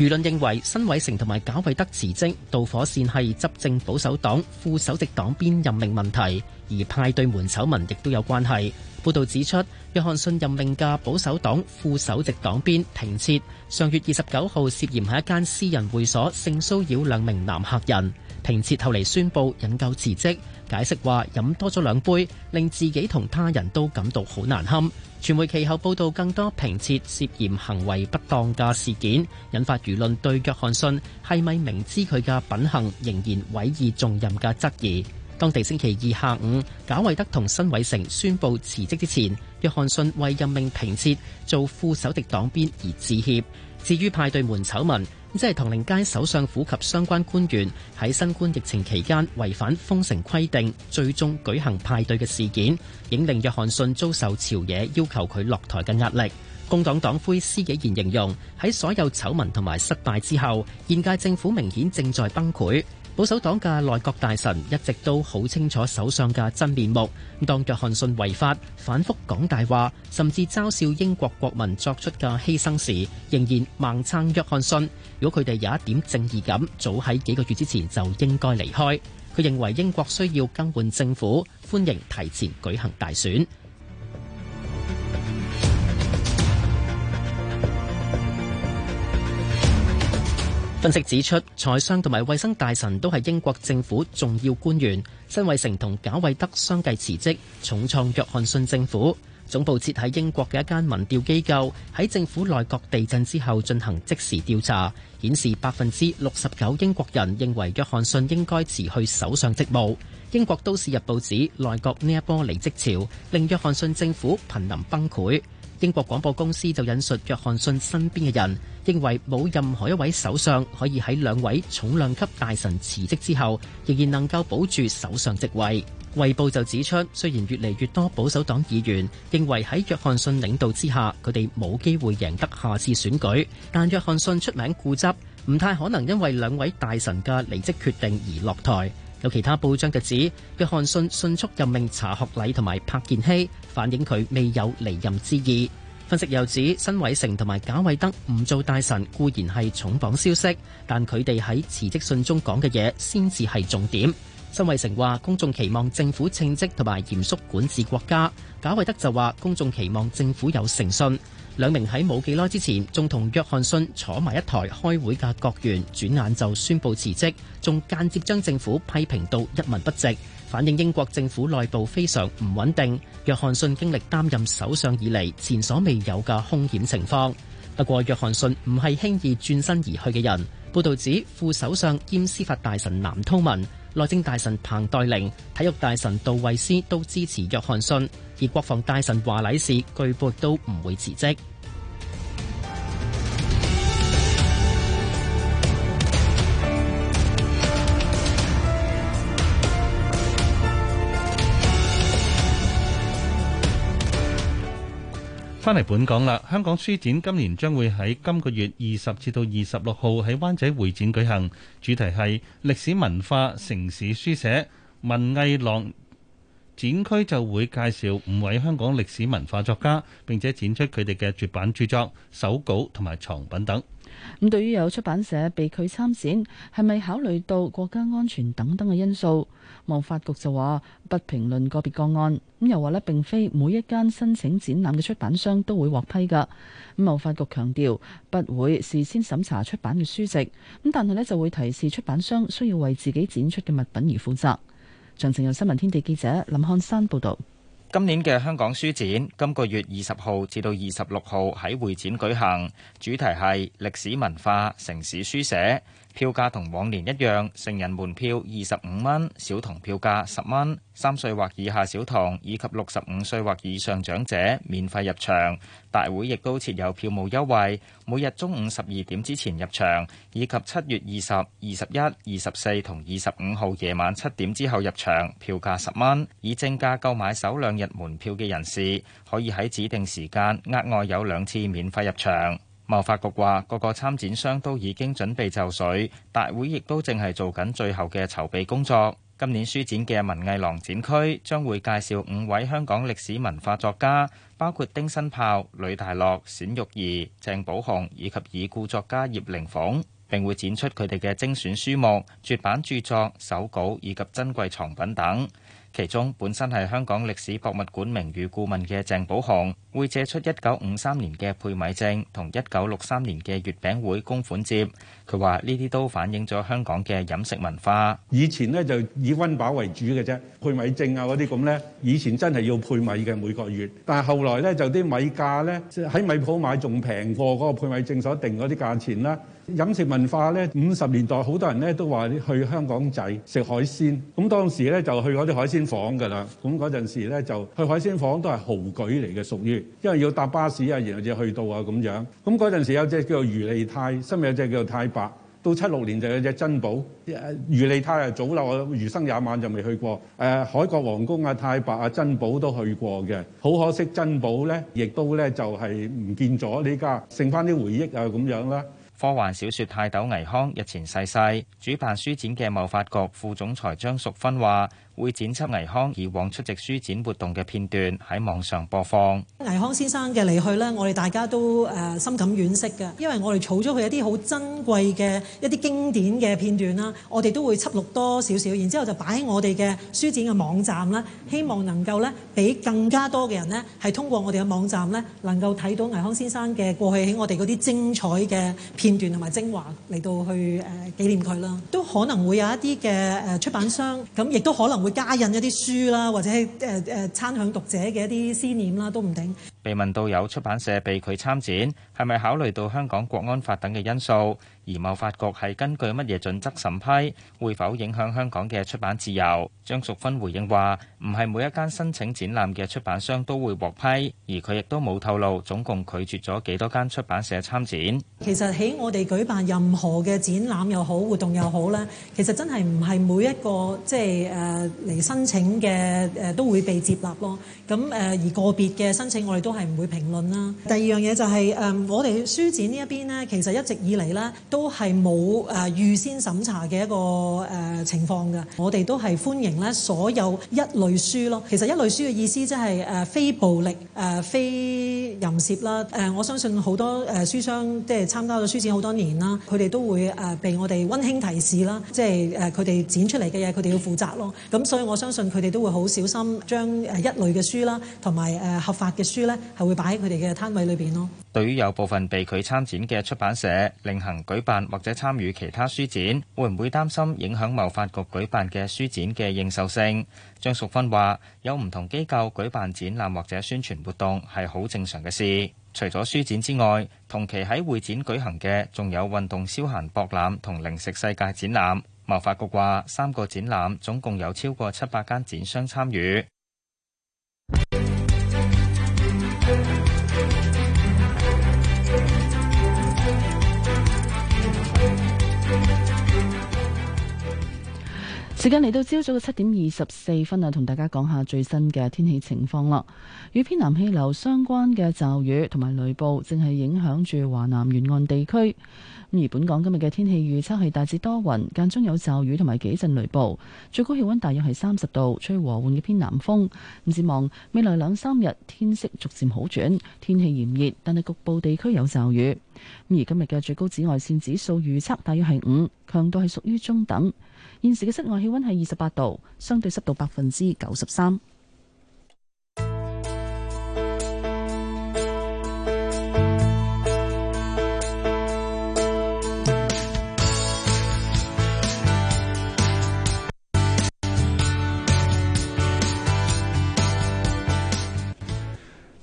輿論認為辛偉誠同埋賈偉德辭職導火線係執政保守黨副首席黨鞭任命問題而派對門醜聞亦都有關係報道指出約翰遜任命嘅保守黨副首席黨鞭停設上月二十九號涉嫌在一間私人會所性騷擾兩名男客人平切後嚟宣佈引咎辭職，解釋話飲多咗兩杯，令自己同他人都感到好難堪。傳媒其後報道更多平切涉嫌行為不當嘅事件，引發輿論對約翰遜係咪明知佢嘅品行仍然委以重任嘅質疑。當地星期二下午，賈維德同辛偉誠宣佈辭職之前，約翰遜為任命平切做副首席黨鞭而致歉。至於派對門醜聞，即係唐寧街首相府及相關官員喺新冠疫情期間違反封城規定，最終舉行派對嘅事件，影令約翰遜遭受朝野要求佢落台嘅壓力。工黨黨魁施紀賢形容喺所有醜聞同埋失敗之後，現屆政府明顯正在崩潰。保守黨嘅內閣大臣一直都好清楚首相嘅真面目。當約翰遜違法反覆講大話，甚至嘲笑英國國民作出嘅犧牲時，仍然盲撐約翰遜。如果佢哋有一點正義感，早喺幾個月之前就應該離開。佢認為英國需要更換政府，歡迎提前舉行大選。分析指出，財相同埋衛生大臣都係英國政府重要官員，辛偉誠同賈偉德相繼辭職，重創約翰遜政府。總部設喺英國嘅一間民調機構喺政府內閣地震之後進行即時調查，顯示百分之六十九英國人認為約翰遜應該辭去首相職務。英國都市日報指，內閣呢一波離職潮令約翰遜政府瀕臨崩潰。英國廣播公司就引述約翰遜身邊嘅人，認為冇任何一位首相可以喺兩位重量級大臣辭職之後，仍然能夠保住首相職位。衛報就指出，雖然越嚟越多保守黨議員認為喺約翰遜領導之下，佢哋冇機會贏得下次選舉，但約翰遜出名固執，唔太可能因為兩位大臣嘅離職決定而落台有其他報章嘅指約翰遜迅速任命查學禮同埋柏建熙，反映佢未有離任之意。分析又指，新偉成同埋賈偉德唔做大臣固然係重磅消息，但佢哋喺辭職信中講嘅嘢先至係重點。新偉成話：公眾期望政府稱職同埋嚴肅管治國家。賈偉德就話：公眾期望政府有誠信。兩名喺冇幾耐之前仲同約翰遜坐埋一台開會嘅國員，轉眼就宣布辭職，仲間接將政府批評到一文不值，反映英國政府內部非常唔穩定。約翰遜經歷擔任首相以嚟前所未有嘅凶險情況。不過約翰遜唔係輕易轉身而去嘅人。報道指副首相兼司法大臣藍韜文、內政大臣彭黛玲、體育大臣杜維斯都支持約翰遜。而國防大臣華禮士據報都唔會辭職。翻嚟本港啦，香港書展今年將會喺今個月二十至到二十六號喺灣仔會展舉行，主題係歷史文化、城市書寫、文藝廊。展區就會介紹五位香港歷史文化作家，並且展出佢哋嘅絕版著作、手稿同埋藏品等。咁 對於有出版社被拒參展，係咪考慮到國家安全等等嘅因素？貿發局就話不評論個別個案。咁又話呢，並非每一間申請展覽嘅出版商都會獲批噶。咁貿發局強調不會事先審查出版嘅書籍，咁但係呢就會提示出版商需要為自己展出嘅物品而負責。詳情有新聞天地記者林漢山報道：今年嘅香港書展，今個月二十號至到二十六號喺會展舉行，主題係歷史文化、城市書寫。票價同往年一樣，成人門票二十五蚊，小童票價十蚊，三歲或以下小童以及六十五歲或以上長者免費入場。大會亦都設有票務優惠，每日中午十二點之前入場，以及七月二十、二十一、二十四同二十五號夜晚七點之後入場，票價十蚊。以正價購買首兩日門票嘅人士，可以喺指定時間額外有兩次免費入場。貿發局話，各個個參展商都已經準備就緒，大會亦都正係做緊最後嘅籌備工作。今年書展嘅文藝廊展區將會介紹五位香港歷史文化作家，包括丁新豹、呂大樂、冼玉儀、鄭寶鴻以及已故作家葉靈鳳，並會展出佢哋嘅精選書目、絕版著作、手稿以及珍貴藏品等。其中，本身係香港歷史博物館名譽顧問嘅鄭寶鴻。會借出一九五三年嘅配米證同一九六三年嘅月餅會供款摺，佢話呢啲都反映咗香港嘅飲食文化。以前呢就以溫飽為主嘅啫，配米證啊嗰啲咁呢，以前真係要配米嘅每個月。但係後來呢，就啲米價呢喺米鋪買仲平過嗰個配米證所定嗰啲價錢啦。飲食文化呢，五十年代好多人呢都話去香港仔食海鮮，咁當時呢，就去嗰啲海鮮舫㗎啦。咁嗰陣時呢就去海鮮舫都係豪舉嚟嘅，屬於。因為要搭巴士啊，然後就去到啊咁樣。咁嗰陣時有隻叫做漁利泰，新有隻叫太白。到七六年就有隻珍寶，漁利泰啊，早樓啊，餘生廿晚就未去過。誒、呃，海角皇宮啊，太白啊，珍寶都去過嘅。好可惜珍寶呢，珍寶咧，亦都咧就係、是、唔見咗。呢家剩返啲回憶啊咁樣啦。科幻小說《泰斗倪匡》日前逝世，世。主辦書展嘅貿發局副總裁張淑芬話。會展輯，倪匡以往出席書展活動嘅片段喺網上播放。倪匡先生嘅離去咧，我哋大家都誒、呃、深感惋惜嘅，因為我哋儲咗佢一啲好珍貴嘅一啲經典嘅片段啦，我哋都會輯錄多少少，然之後就擺喺我哋嘅書展嘅網站啦，希望能夠咧俾更加多嘅人咧係通過我哋嘅網站咧能夠睇到倪匡先生嘅過去喺我哋嗰啲精彩嘅片段同埋精華嚟到去誒、呃、紀念佢啦。都可能會有一啲嘅誒出版商，咁亦都可能會。加印一啲書啦，或者係誒誒，參、呃、響、呃、讀者嘅一啲思念啦，都唔定。被問到有出版社被拒參展，係咪考慮到香港國安法等嘅因素？而貿發局係根據乜嘢準則審批，會否影響香港嘅出版自由？張淑芬回應話：唔係每一間申請展覽嘅出版商都會獲批，而佢亦都冇透露總共拒絕咗幾多間出版社參展。其實喺我哋舉辦任何嘅展覽又好，活動又好咧，其實真係唔係每一個即係誒嚟申請嘅誒都會被接納咯。咁、呃、誒而個別嘅申請我，我哋都都係唔會評論啦。第二樣嘢就係、是、誒、嗯，我哋書展呢一邊呢，其實一直以嚟呢，都係冇誒預先審查嘅一個誒、呃、情況噶。我哋都係歡迎呢所有一類書咯。其實一類書嘅意思即係誒非暴力誒、呃、非淫褻啦。誒、呃，我相信好多誒、呃、書商即係參加咗書展好多年啦，佢哋都會誒、呃、被我哋温馨提示啦，即係誒佢哋展出嚟嘅嘢，佢哋要負責咯。咁所以我相信佢哋都會好小心將誒一類嘅書啦，同埋誒合法嘅書呢。係會擺喺佢哋嘅攤位裏邊咯。對於有部分被拒參展嘅出版社，另行舉辦或者參與其他書展，會唔會擔心影響貿發局舉辦嘅書展嘅認受性？張淑芬話：有唔同機構舉辦展覽或者宣傳活動係好正常嘅事。除咗書展之外，同期喺會展舉行嘅仲有運動消閒博覽同零食世界展覽。貿發局話：三個展覽總共有超過七百間展商參與。時間嚟到朝早嘅七點二十四分啊，同大家講下最新嘅天氣情況啦。與偏南氣流相關嘅驟雨同埋雷暴正係影響住華南沿岸地區。而本港今日嘅天氣預測係大致多雲，間中有驟雨同埋幾陣雷暴，最高氣溫大約係三十度，吹和緩嘅偏南風。咁展望未來兩三日天色逐漸好轉，天氣炎熱，但係局部地區有驟雨。而今日嘅最高紫外線指數預測大約係五，強度係屬於中等。現時嘅室外氣溫係二十八度，相對濕度百分之九十三。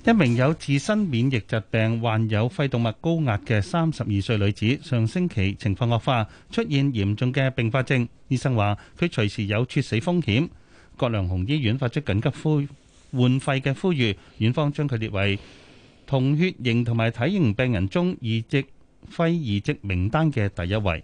一名有自身免疫疾病、患有肺動脈高壓嘅三十二歲女子，上星期情況惡化，出現嚴重嘅併發症。醫生話佢隨時有猝死風險。葛量洪醫院發出緊急呼換肺嘅呼籲，院方將佢列為同血型同埋體型病人中移植。肺移植名單嘅第一位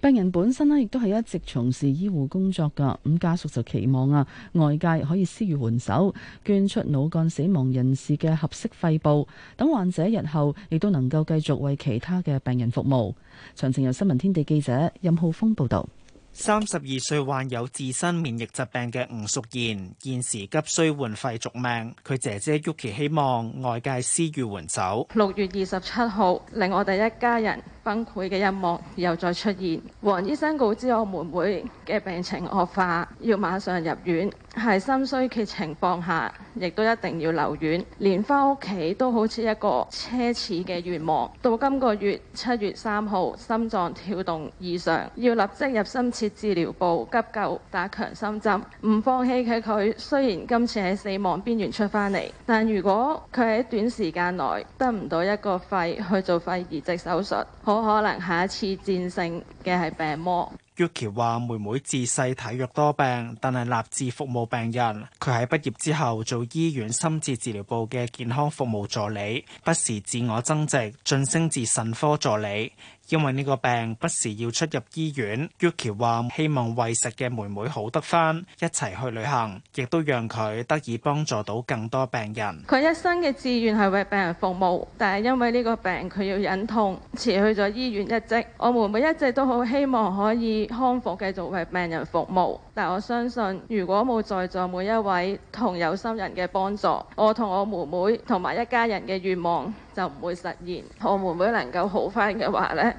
病人本身咧，亦都係一直從事醫護工作噶。咁家屬就期望啊，外界可以施予援手，捐出腦幹死亡人士嘅合適肺部，等患者日後亦都能夠繼續為其他嘅病人服務。詳情由新聞天地記者任浩峰報道。三十二歲患有自身免疫疾病嘅吳淑賢，現時急需換肺續命。佢姐姐 Yuki 希望外界施予援手。六月二十七號，令我哋一家人崩潰嘅一幕又再出現。黃醫生告知我妹妹嘅病情惡化，要馬上入院。係心衰嘅情況下。亦都一定要留院，連返屋企都好似一個奢侈嘅願望。到今個月七月三號，心臟跳動異常，要立即入深切治療部急救打強心針。唔放棄佢。佢雖然今次喺死亡邊緣出返嚟，但如果佢喺短時間內得唔到一個肺去做肺移植手術，好可能下一次戰勝嘅係病魔。Yuki 話：妹妹自細體弱多病，但係立志服務病人。佢喺畢業之後做醫院深切治療部嘅健康服務助理，不時自我增值，晉升至腎科助理。因為呢個病不時要出入醫院，Yuki 話希望喂食嘅妹妹好得返，一齊去旅行，亦都讓佢得以幫助到更多病人。佢一生嘅志願係為病人服務，但係因為呢個病佢要忍痛辭去咗醫院一職。我妹妹一直都好希望可以康復，繼續為病人服務。但我相信，如果冇在座每一位同有心人嘅幫助，我同我妹妹同埋一家人嘅願望。就唔會實現，我妹妹能夠好翻嘅話呢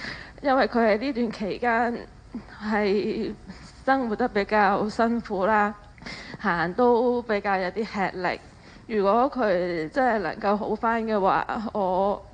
因為佢喺呢段期間係生活得比較辛苦啦，行都比較有啲吃力。如果佢真係能夠好翻嘅話，我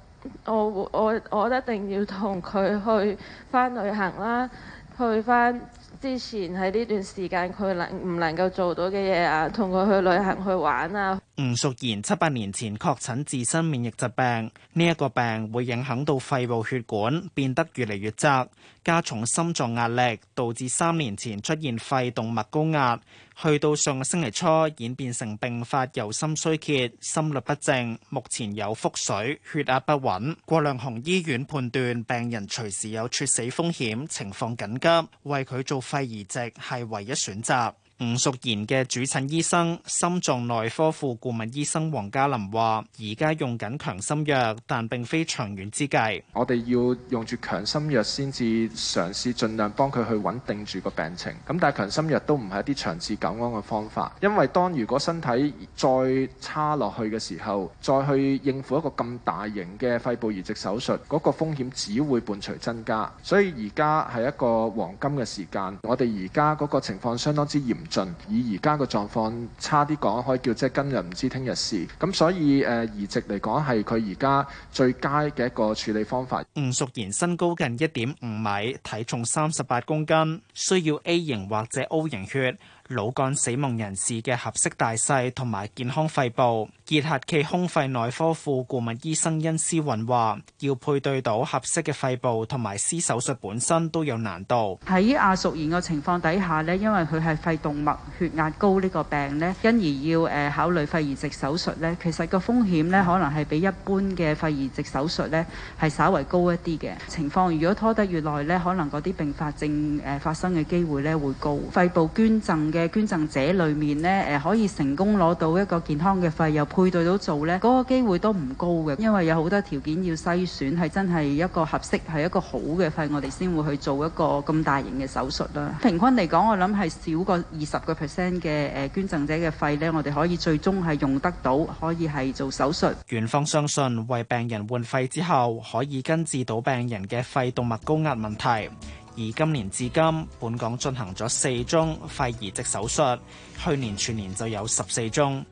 我我我一定要同佢去返旅行啦，去返之前喺呢段時間佢能唔能夠做到嘅嘢啊，同佢去旅行去玩啊。吳淑賢七八年前確診自身免疫疾病，呢、這、一個病會影響到肺部血管，變得越嚟越窄，加重心臟壓力，導致三年前出現肺動脈高壓，去到上個星期初演變成併發右心衰竭、心律不正，目前有腹水、血壓不穩。葛量洪醫院判斷病人隨時有猝死風險，情況緊急，為佢做肺移植係唯一選擇。吳淑妍嘅主診醫生、心臟內科副顧問醫生黃嘉林話：而家用緊強心藥，但並非長遠之計。我哋要用住強心藥先至嘗試盡量幫佢去穩定住個病情。咁但係強心藥都唔係一啲長治久安嘅方法，因為當如果身體再差落去嘅時候，再去應付一個咁大型嘅肺部移植手術，嗰個風險只會伴隨增加。所以而家係一個黃金嘅時間。我哋而家嗰個情況相當之嚴。盡以而家嘅狀況差啲講，可以叫即係今日唔知聽日事咁，所以誒、呃、移植嚟講係佢而家最佳嘅一個處理方法。吳淑賢身高近一點五米，體重三十八公斤，需要 A 型或者 O 型血，腦幹死亡人士嘅合適大細同埋健康肺部。結核及胸肺內科副顧問醫生甄思雲話：要配對到合適嘅肺部同埋，施手術本身都有難度。喺阿淑然嘅情況底下呢，因為佢係肺動脈血壓高呢個病呢，因而要誒考慮肺移植手術呢，其實個風險呢，可能係比一般嘅肺移植手術呢係稍為高一啲嘅情況。如果拖得越耐呢，可能嗰啲併發症誒發生嘅機會呢會高。肺部捐贈嘅。嘅捐贈者裏面咧，誒可以成功攞到一個健康嘅肺，又配對到做咧，嗰個機會都唔高嘅，因為有好多條件要篩選，係真係一個合適，係一個好嘅肺，我哋先會去做一個咁大型嘅手術啦。嗯、平均嚟講，我諗，係少過二十個 percent 嘅誒捐贈者嘅肺咧，我哋可以最終係用得到，可以係做手術，院方相信，為病人換肺之後可以根治到病人嘅肺動脈高壓問題。而今年至今，本港進行咗四宗肺移植手術，去年全年就有十四宗。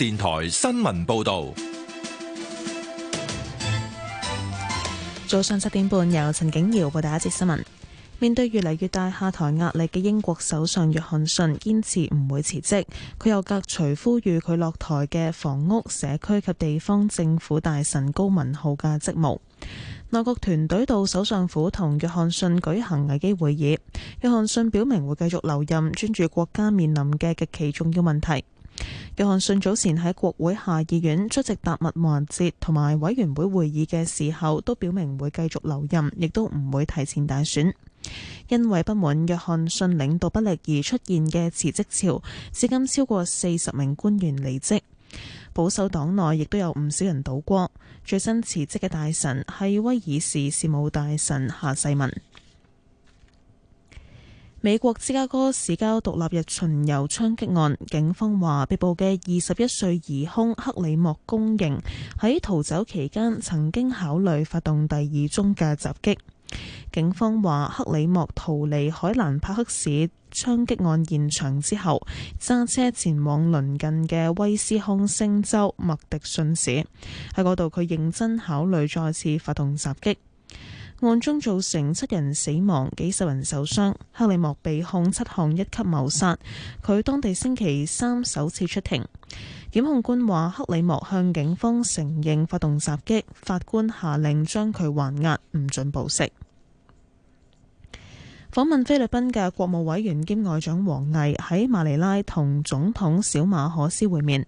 電台新聞報道：早上七點半，由陳景瑤報道第一節新聞。面對越嚟越大下台壓力嘅英國首相約翰遜，堅持唔會辭職。佢又革除呼籲佢落台嘅房屋、社區及地方政府大臣高文浩嘅職務。內閣團隊到首相府同約翰遜舉行危機會議。約翰遜表明會繼續留任，專注國家面臨嘅極其重要問題。約翰遜早前喺國會下議院出席答問環節，同埋委員會會議嘅時候，都表明會繼續留任，亦都唔會提前大選。因為不滿約翰遜領，領導不力而出現嘅辭職潮，至今超過四十名官員離職。保守黨內亦都有唔少人倒戈。最新辭職嘅大臣係威爾士事務大臣夏世文。美國芝加哥市郊獨立日巡遊槍擊案，警方話被捕嘅二十一歲疑凶克里莫供認，喺逃走期間曾經考慮發動第二宗嘅襲擊。警方話，克里莫逃離海蘭帕克市槍擊案現場之後，揸車前往鄰近嘅威斯康星州麥迪遜市，喺嗰度佢認真考慮再次發動襲擊。案中造成七人死亡，幾十人受傷，克里莫被控七項一級謀殺，佢當地星期三首次出庭。檢控官話克里莫向警方承認發動襲擊，法官下令將佢還押，唔准保釋。訪問菲律賓嘅國務委員兼外長王毅喺馬尼拉同總統小馬可斯會面。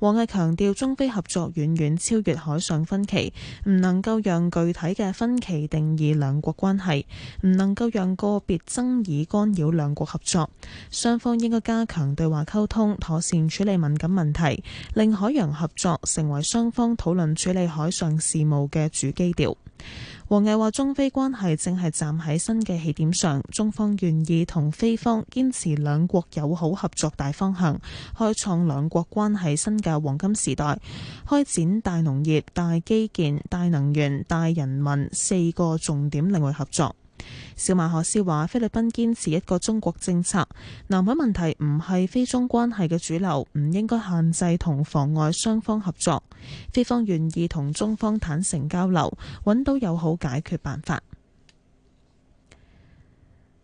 王毅強調，中菲合作遠遠超越海上分歧，唔能夠讓具體嘅分歧定義兩國關係，唔能夠讓個別爭議干擾兩國合作。雙方應該加強對話溝通，妥善處理敏感問題，令海洋合作成為雙方討論處理海上事務嘅主基調。王毅話：中菲關係正係站喺新嘅起點上，中方願意同菲方堅持兩國友好合作大方向，開創兩國關係新嘅黃金時代，開展大農業、大基建、大能源、大人民四個重點領域合作。小馬可斯話：菲律賓堅持一個中國政策，南海問題唔係菲中關係嘅主流，唔應該限制同妨礙雙方合作。菲方願意同中方坦誠交流，搵到友好解決辦法。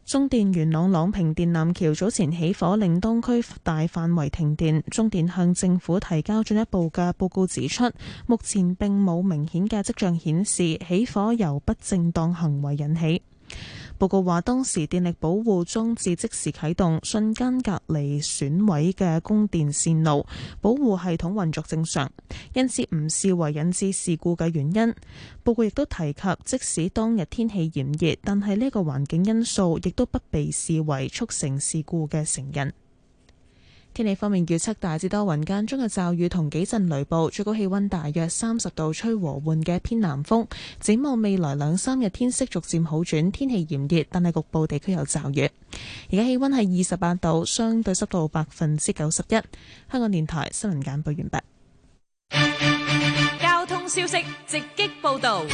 中電元朗朗屏電纜橋早前起火，令東區大範圍停電。中電向政府提交進一步嘅報告，指出目前並冇明顯嘅迹象顯示起火由不正當行為引起。報告話，當時電力保護裝置即時啟動，瞬間隔離損毀嘅供電線路，保護系統運作正常，因此唔視為引致事故嘅原因。報告亦都提及，即使當日天氣炎熱，但係呢個環境因素亦都不被視為促成事故嘅成因。天氣方面預測大致多雲間中嘅驟雨同幾陣雷暴，最高氣溫大約三十度，吹和緩嘅偏南風。展望未來兩三日天色逐漸好轉，天氣炎熱，但係局部地區有驟雨。而家氣溫係二十八度，相對濕度百分之九十一。香港電台新聞簡報完畢。交通消息直擊報道。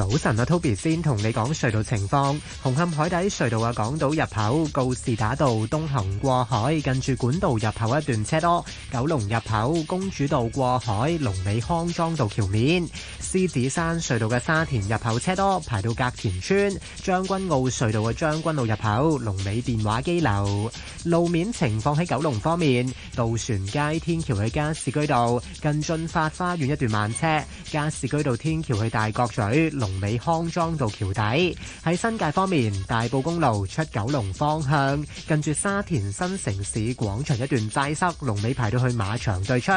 早晨啊，Toby 先同你講隧道情況。紅磡海底隧道嘅港島入口告士打道東行過海，近住管道入口一段車多。九龍入口公主道過海，龍尾康莊道橋面。獅子山隧道嘅沙田入口車多，排到隔田村。將軍澳隧道嘅將軍澳入口龍尾電話機樓。路面情況，喺九龍方面，渡船街天橋去加士居道近駿發花園一段慢車。加士居道天橋去大角咀龍龍尾康莊道橋底。喺新界方面，大埔公路出九龍方向近住沙田新城市廣場一段擠塞，龍尾排到去馬場對出。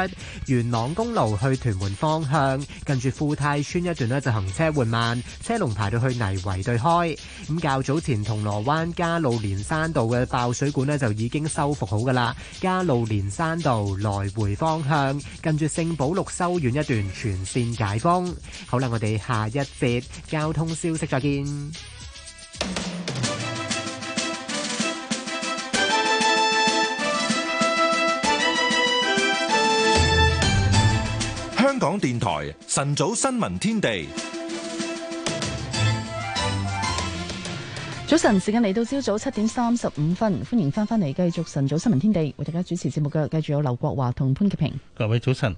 元朗公路去屯門方向近住富泰村一段呢就行車緩慢，車龍排到去泥圍對開。咁較早前銅鑼灣加路連山道嘅爆水管呢就已經修復好㗎喇，加路連山道來回方向近住聖保祿修院一段全線解封。好喇，我哋下一節。 交通消息，再見。香港電台晨早新聞天地。早晨，時間嚟到朝早七點三十五分，歡迎翻返嚟，繼續晨早新聞天地，為大家主持節目嘅，繼續有劉國華同潘潔平。各位早晨。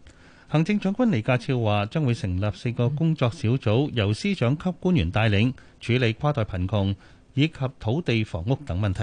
行政長官李家超話將會成立四個工作小組，由司長級官員帶領，處理跨代貧窮以及土地房屋等問題。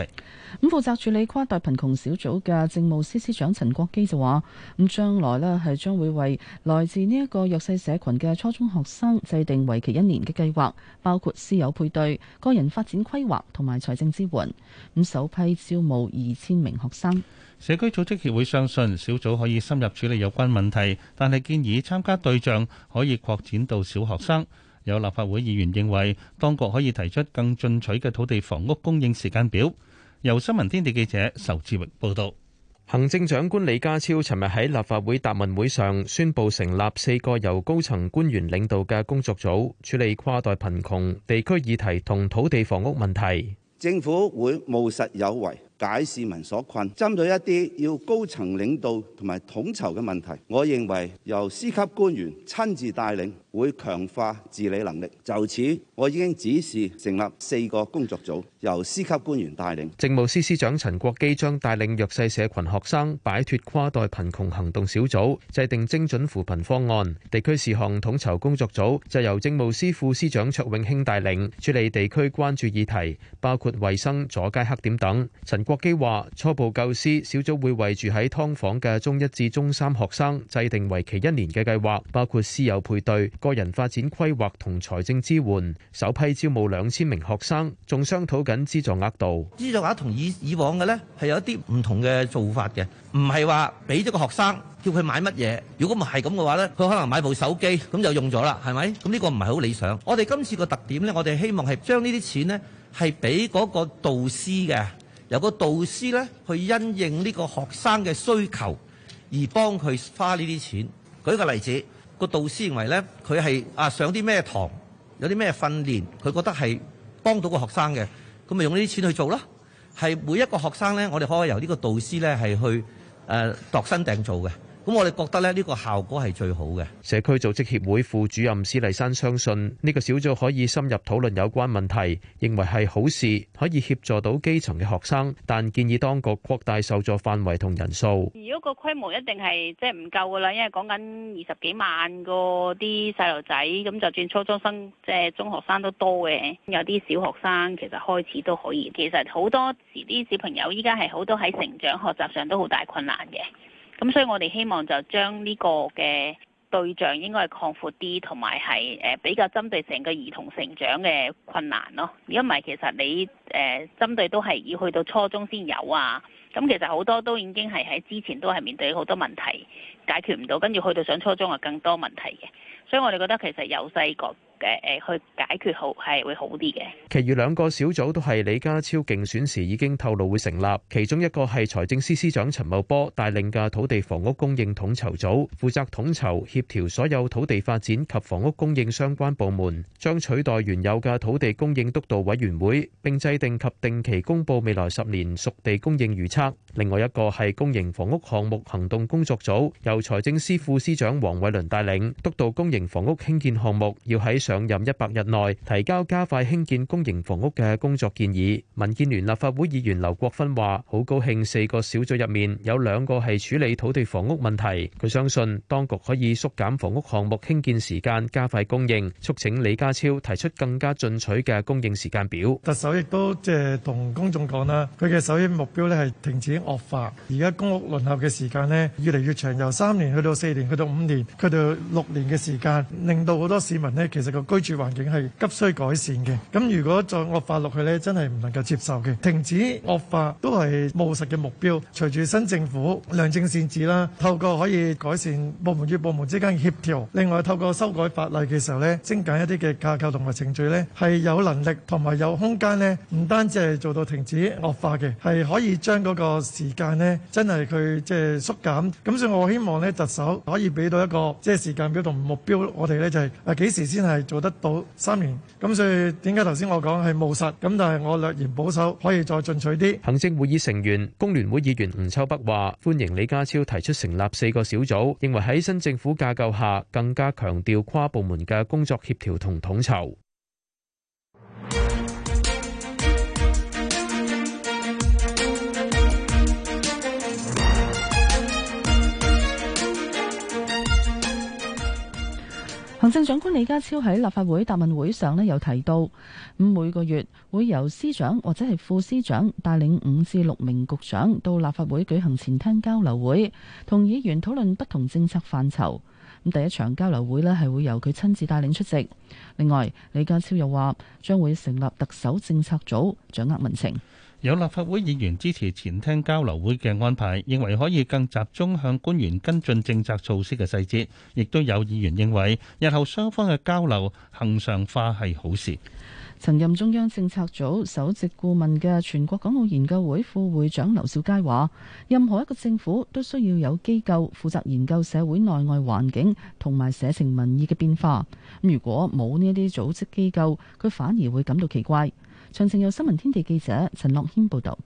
咁負責處理跨代貧窮小組嘅政務司司長陳國基就話：咁將來咧係將會為來自呢一個弱勢社群嘅初中學生制定為期一年嘅計劃，包括師友配對、個人發展規劃同埋財政支援。咁首批招募二千名學生。社區組織協會相信小組可以深入處理有關問題，但係建議參加對象可以擴展到小學生。有立法會議員認為，當局可以提出更進取嘅土地房屋供應時間表。由新聞天地記者仇志榮報道。行政長官李家超尋日喺立法會答問會上宣布成立四個由高層官員領導嘅工作組，處理跨代貧窮地區議題同土地房屋問題。政府會務實有為。解市民所困，針對一啲要高層領導同埋統籌嘅問題，我認為由司級官員親自帶領，會強化治理能力。就此，我已經指示成立四個工作組，由司級官員帶領。政務司司長陳國基將帶領弱勢社群學生擺脫跨代貧窮行動小組，制定精準扶貧方案。地區事項統籌工作組就由政務司副司長卓永興帶領，處理地區關注議題，包括衛生阻街黑點等。陳國國基話：初步救，教師小組會為住喺劏房嘅中一至中三學生制定為期一年嘅計劃，包括師友配對、個人發展規劃同財政支援。首批招募兩千名學生，仲商討緊資助額度。資助額同以以往嘅呢係有一啲唔同嘅做法嘅，唔係話俾咗個學生叫佢買乜嘢。如果唔係咁嘅話呢，佢可能買部手機咁就用咗啦，係咪？咁呢個唔係好理想。我哋今次個特點呢，我哋希望係將呢啲錢呢係俾嗰個導師嘅。由個導師咧，去因應呢個學生嘅需求而幫佢花呢啲錢。舉個例子，個導師認為咧，佢係啊上啲咩堂，有啲咩訓練，佢覺得係幫到個學生嘅，咁咪用呢啲錢去做咯。係每一個學生咧，我哋可以由呢個導師咧係去誒度身訂造嘅。咁我哋覺得咧，呢個效果係最好嘅。社區組織協會副主任施麗珊相信呢個小組可以深入討論有關問題，認為係好事，可以協助到基層嘅學生，但建議當局擴大受助範圍同人數。如果個規模一定係即係唔夠噶啦，因為講緊二十幾萬個啲細路仔，咁就算初中生即係中學生都多嘅，有啲小學生其實開始都可以。其實好多時啲小朋友依家係好多喺成長學習上都好大困難嘅。咁、嗯、所以我哋希望就將呢個嘅對象應該係擴闊啲，同埋係誒比較針對成個兒童成長嘅困難咯。如果唔係，其實你誒、呃、針對都係要去到初中先有啊。咁、嗯、其實好多都已經係喺之前都係面對好多問題解決唔到，跟住去到上初中啊更多問題嘅。所以我哋覺得其實由細個。誒誒，去解決好係會好啲嘅。其餘兩個小組都係李家超競選時已經透露會成立，其中一個係財政司司長陳茂波帶領嘅土地房屋供應統籌組，負責統籌協調所有土地發展及房屋供應相關部門，將取代原有嘅土地供應督導委員會，並制定及定期公佈未來十年屬地供應預測。另外一個係公營房屋項目行動工作組，由財政司副司長黃偉倫帶領，督導公營房屋興建項目，要喺上上任一百日內，提交加快興建公營房屋嘅工作建議。民建聯立法會議員劉國芬話，好高興四個小組入面，有兩個係處理土地房屋問題。佢相信，當局可以縮減房屋項目興建時間，加快供應，促請李家超提出更加進取嘅供應時間表。居住環境係急需改善嘅，咁如果再惡化落去咧，真係唔能夠接受嘅。停止惡化都係務實嘅目標。隨住新政府良政善治啦，透過可以改善部門與部門之間協調，另外透過修改法例嘅時候咧，精簡一啲嘅架構同埋程序咧，係有能力同埋有空間咧，唔單止係做到停止惡化嘅，係可以將嗰個時間咧，真係佢即係縮減。咁、就是、所以我希望咧，特首可以俾到一個即係、就是、時間表同目標我呢，我哋咧就係誒幾時先係。做得到三年咁，所以點解頭先我講係務實咁，但係我略言保守，可以再進取啲。行政會議成員工聯會議員吳秋北話：歡迎李家超提出成立四個小組，認為喺新政府架構下更加強調跨部門嘅工作協調同統籌。行政長官李家超喺立法會答問會上呢，有提到每個月會由司長或者係副司長帶領五至六名局長到立法會舉行前廳交流會，同議員討論不同政策範疇。第一場交流會呢係會由佢親自帶領出席。另外，李家超又話將會成立特首政策組，掌握民情。有立法會議員支持前廳交流會嘅安排，認為可以更集中向官員跟進政策措施嘅細節。亦都有議員認為，日後雙方嘅交流恆常化係好事。曾任中央政策組首席顧問嘅全國港澳研究會副會長劉兆佳話，任何一個政府都需要有機構負責研究社會內外環境同埋社情民意嘅變化。如果冇呢啲組織機構，佢反而會感到奇怪。詳情有新聞天地記者陳樂謙報道。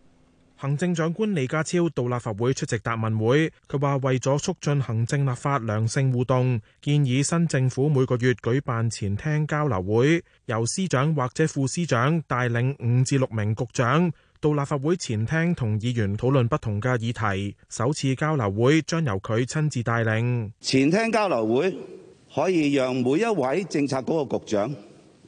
行政長官李家超到立法會出席答問會，佢話為咗促進行政立法良性互動，建議新政府每個月舉辦前廳交流會，由司長或者副司長帶領五至六名局長到立法會前廳同議員討論不同嘅議題。首次交流會將由佢親自帶領。前廳交流會可以讓每一位政策局局長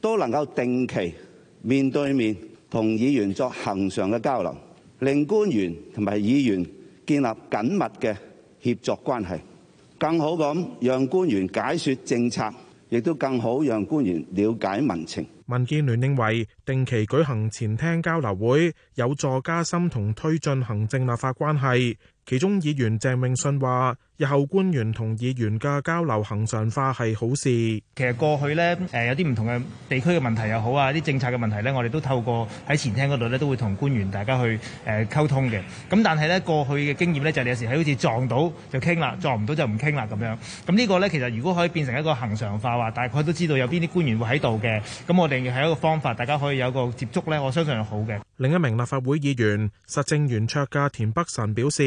都能夠定期。面對面同議員作恆常嘅交流，令官員同埋議員建立緊密嘅協作關係，更好咁讓官員解說政策，亦都更好讓官員了解民情。民建聯認為定期舉行前廳交流會有助加深同推進行政立法關係。其中議員鄭永信話，日後官員同議員嘅交流恆常化係好事。其實過去呢，誒有啲唔同嘅地區嘅問題又好啊，啲政策嘅問題呢，我哋都透過喺前廳嗰度呢，都會同官員大家去誒溝通嘅。咁但係呢，過去嘅經驗呢，就你有時係好似撞到就傾啦，撞唔到就唔傾啦咁樣。咁呢個呢，其實如果可以變成一個恆常化話，大概都知道有邊啲官員會喺度嘅，咁我哋。係一個方法，大家可以有個接觸咧，我相信係好嘅。另一名立法會議員、實政圓桌田北辰表示，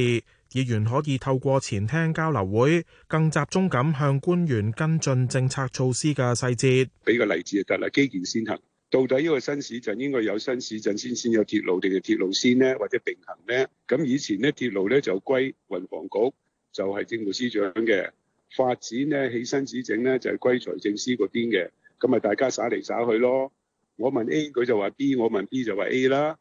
議員可以透過前廳交流會，更集中咁向官員跟進政策措施嘅細節。俾個例子就得啦，基建先行。到底呢個新市鎮應該有新市鎮先，先有鐵路，定係鐵路先呢？或者並行呢？咁以前呢，鐵路呢就歸運房局，就係政務司長嘅發展呢，起新市鎮呢，就係歸財政司嗰邊嘅。咁咪大家耍嚟耍去咯。我問 A，佢就話 B；我問 B 就話 A 啦。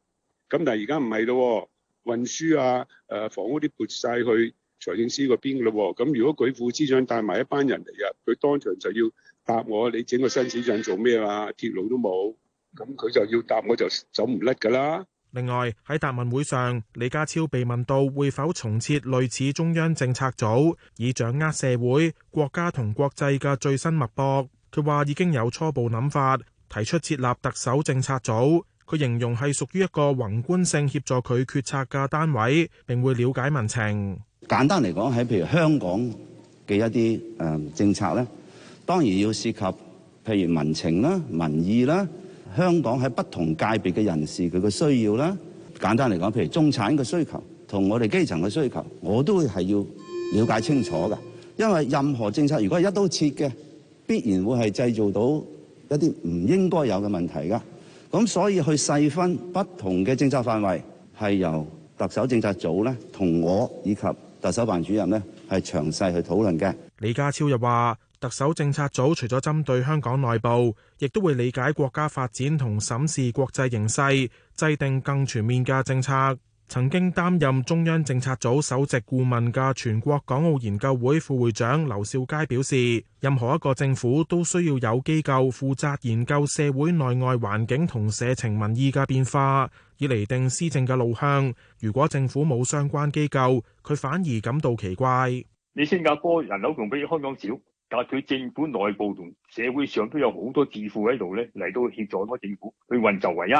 咁但係而家唔係咯。運輸啊，誒房屋啲撥晒去財政司嗰邊㗎啦。咁如果舉副司長帶埋一班人嚟啊，佢當場就要答我：你整個新市鎮做咩啊？鐵路都冇，咁佢就要答我就走唔甩㗎啦。另外喺答問會上，李家超被問到會否重設類似中央政策組，以掌握社會、國家同國際嘅最新脈搏。佢話已經有初步諗法，提出設立特首政策組。佢形容係屬於一個宏觀性協助佢決策嘅單位，並會了解民情。簡單嚟講，喺譬如香港嘅一啲誒政策咧，當然要涉及譬如民情啦、民意啦、香港喺不同界別嘅人士佢嘅需要啦。簡單嚟講，譬如中產嘅需求同我哋基層嘅需求，我都會係要了解清楚嘅。因為任何政策如果係一刀切嘅。必然會係製造到一啲唔應該有嘅問題㗎，咁所以去細分不同嘅政策範圍，係由特首政策組咧同我以及特首辦主任咧，係詳細去討論嘅。李家超又話特首政策組除咗針對香港內部，亦都會理解國家發展同審視國際形勢制定更全面嘅政策。曾經擔任中央政策組首席顧問嘅全國港澳研究會副會長劉兆佳表示，任何一個政府都需要有機構負責研究社會內外環境同社情民意嘅變化，以釐定施政嘅路向。如果政府冇相關機構，佢反而感到奇怪。你新加坡人口同比香港少，但係佢政府內部同社會上都有好多智庫喺度咧嚟到協助多政府去運就唯一。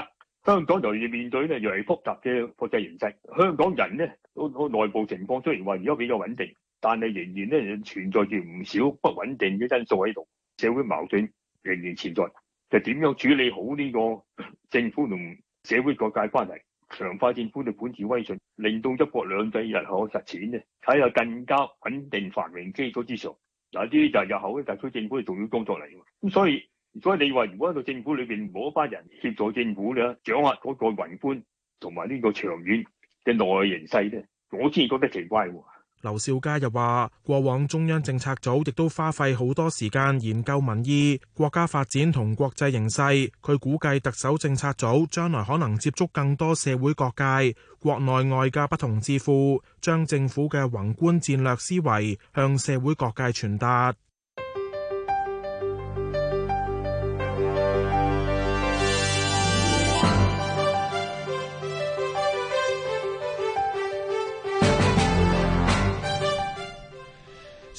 香港又要面對咧，又係複雜嘅國際形勢。香港人咧，個個內部情況雖然話而家比較穩定，但係仍然咧存在住唔少不穩定嘅因素喺度。社會矛盾仍然存在，就點樣處理好呢個政府同社會各界關係，強化政府嘅管治威信，令到一國兩制日後實踐咧，喺又更加穩定繁榮基礎之上。嗱，呢啲就係日後嘅特區政府嘅重要工作嚟咁所以。所以你話，如果喺度政府裏邊冇一班人協助政府咧掌握嗰個宏觀同埋呢個長遠嘅內形勢咧，我先覺得奇怪哦。劉兆佳又話，過往中央政策組亦都花費好多時間研究民意、國家發展同國際形勢。佢估計特首政策組將來可能接觸更多社會各界、國內外嘅不同智庫，將政府嘅宏觀戰略思維向社會各界傳達。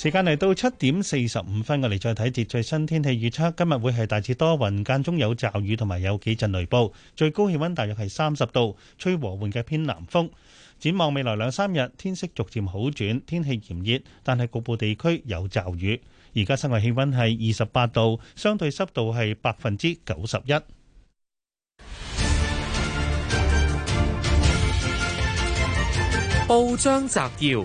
時間嚟到七點四十五分，我哋再睇一節最新天氣預測。今日會係大致多雲，間中有驟雨同埋有幾陣雷暴。最高氣溫大約係三十度，吹和緩嘅偏南風。展望未來兩三日，天色逐漸好轉，天氣炎熱，但係局部地區有驟雨。而家室外氣溫係二十八度，相對濕度係百分之九十一。報章摘要。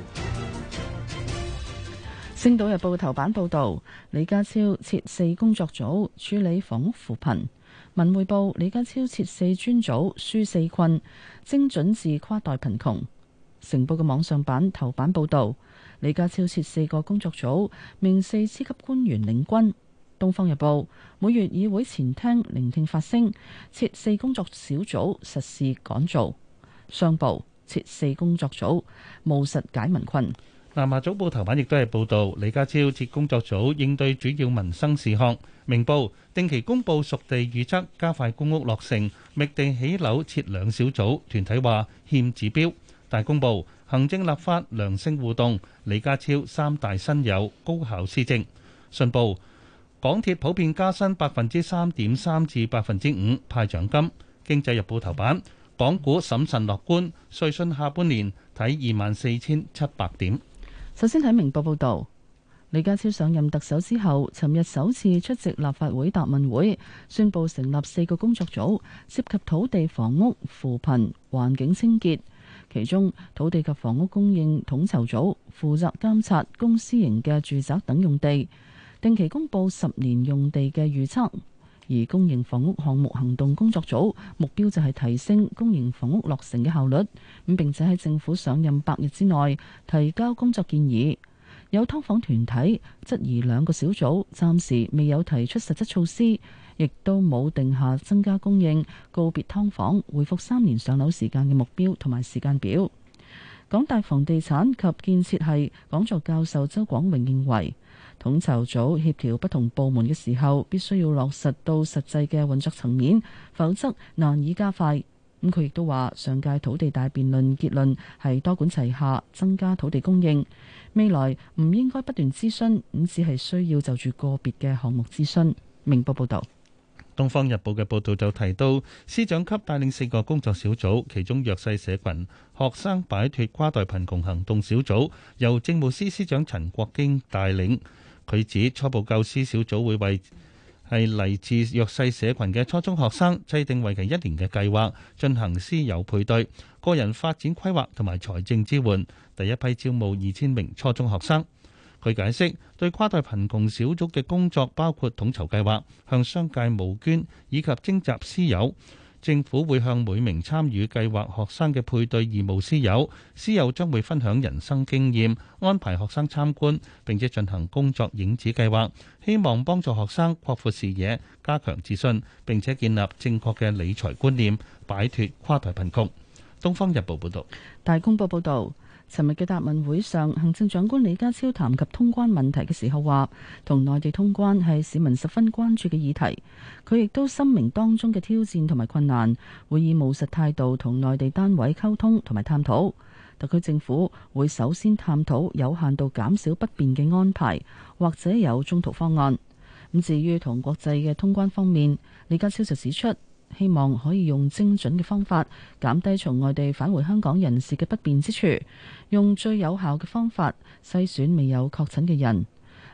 《星島日報》頭版報道，李家超設四工作組處理房屋扶貧。《文匯報》李家超設四專組紓四困，精準治跨代貧窮。《城報》嘅網上版頭版報道，李家超設四個工作組，命四司級官員領軍。《東方日報》每月議會前廳聆聽發聲，設四工作小組實事趕做。部《商報》設四工作組務實解民困。南華早報頭版亦都係報道，李家超設工作組應對主要民生事項。明報定期公布熟地預測，加快公屋落成，覓地起樓設兩小組。團體話欠指標。大公報行政立法良性互動，李家超三大新友高效施政。信報港鐵普遍加薪百分之三點三至百分之五派獎金。經濟日報頭版港股審慎樂觀，瑞信下半年睇二萬四千七百點。首先睇明報報道，李家超上任特首之後，尋日首次出席立法會答問會，宣佈成立四個工作組，涉及土地、房屋、扶貧、環境清潔。其中，土地及房屋供應統籌組負責監察公私營嘅住宅等用地，定期公佈十年用地嘅預測。而公營房屋項目行動工作組目標就係提升公營房屋落成嘅效率，咁並且喺政府上任百日之內提交工作建議。有㓥房團體質疑兩個小組暫時未有提出實質措施，亦都冇定下增加供應、告別劏房、恢復三年上樓時間嘅目標同埋時間表。港大房地產及建設系講座教授周廣榮認為。統籌組協調不同部門嘅時候，必須要落實到實際嘅運作層面，否則難以加快。咁佢亦都話，上屆土地大辯論結論係多管齊下，增加土地供應。未來唔應該不斷諮詢，咁只係需要就住個別嘅項目諮詢。明報報道，《東方日報》嘅報道就提到，司長級帶領四個工作小組，其中弱勢社群、學生擺脫跨代貧窮行動小組，由政務司司長陳國基帶領。佢指初步教師小組會為係嚟自弱勢社群嘅初中學生制定為期一年嘅計劃，進行師友配對、個人發展規劃同埋財政支援。第一批招募二千名初中學生。佢解釋對跨代貧窮小組嘅工作包括統籌計劃、向商界募捐以及徵集師友。政府會向每名參與計劃學生嘅配對義務師友，師友將會分享人生經驗，安排學生參觀，並且進行工作影子計劃，希望幫助學生擴闊視野、加強自信，並且建立正確嘅理財觀念，擺脱跨代貧窮。《東方日報》報道。《大公報》報導。尋日嘅答問會上，行政長官李家超談及通關問題嘅時候話，同內地通關係市民十分關注嘅議題。佢亦都深明當中嘅挑戰同埋困難，會以務實態度同內地單位溝通同埋探討。特區政府會首先探討有限度減少不便嘅安排，或者有中途方案。咁至於同國際嘅通關方面，李家超就指出，希望可以用精準嘅方法減低從外地返回香港人士嘅不便之處，用最有效嘅方法篩選未有確診嘅人。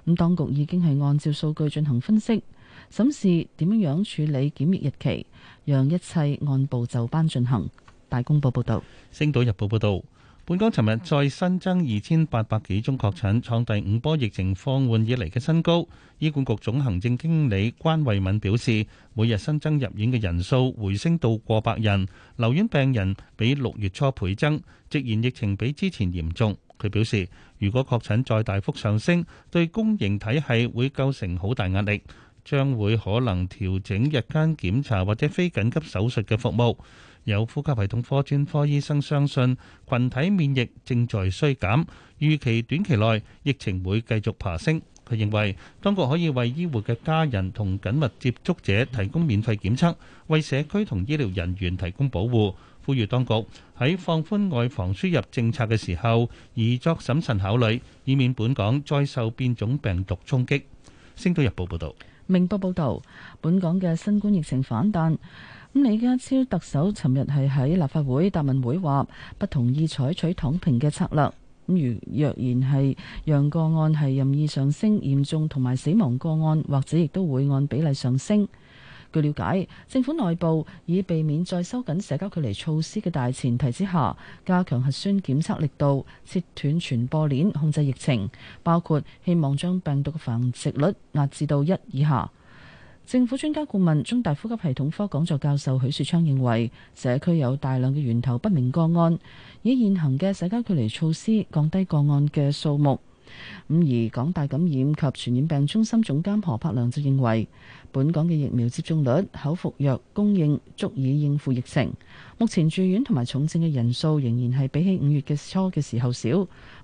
咁當局已經係按照數據進行分析審視點樣處理檢疫日期，讓一切按部就班進行。大公報報道、星島日報報道。本港尋日再新增二千八百幾宗確診，創第五波疫情放緩以嚟嘅新高。醫管局總行政經理關慧敏表示，每日新增入院嘅人數回升到過百人，留院病人比六月初倍增，直言疫情比之前嚴重。佢表示，如果確診再大幅上升，對公營體系會構成好大壓力，將會可能調整日間檢查或者非緊急手術嘅服務。有呼吸系統科專科醫生相信，群體免疫正在衰減，預期短期內疫情會繼續爬升。佢認為，當局可以為醫護嘅家人同緊密接觸者提供免費檢測，為社區同醫療人員提供保護。呼籲當局喺放寬外防輸入政策嘅時候，以作審慎考慮，以免本港再受變種病毒衝擊。星島日報報導，明報報導，本港嘅新冠疫情反彈。咁李家超特首尋日係喺立法會答問會話，不同意採取躺平嘅策略。咁如若然係，讓個案係任意上升，嚴重同埋死亡個案，或者亦都會按比例上升。據了解，政府內部以避免再收緊社交距離措施嘅大前提之下，加強核酸檢測力度，切斷傳播鏈，控制疫情，包括希望將病毒嘅繁殖率壓制到一以下。政府專家顧問、中大呼吸系統科講座教授許樹昌認為，社區有大量嘅源頭不明個案，以現行嘅社交距離措施降低個案嘅數目。咁而港大感染及傳染病中心總監何柏良就認為，本港嘅疫苗接種率、口服藥供應足以應付疫情。目前住院同埋重症嘅人數仍然係比起五月嘅初嘅時候少，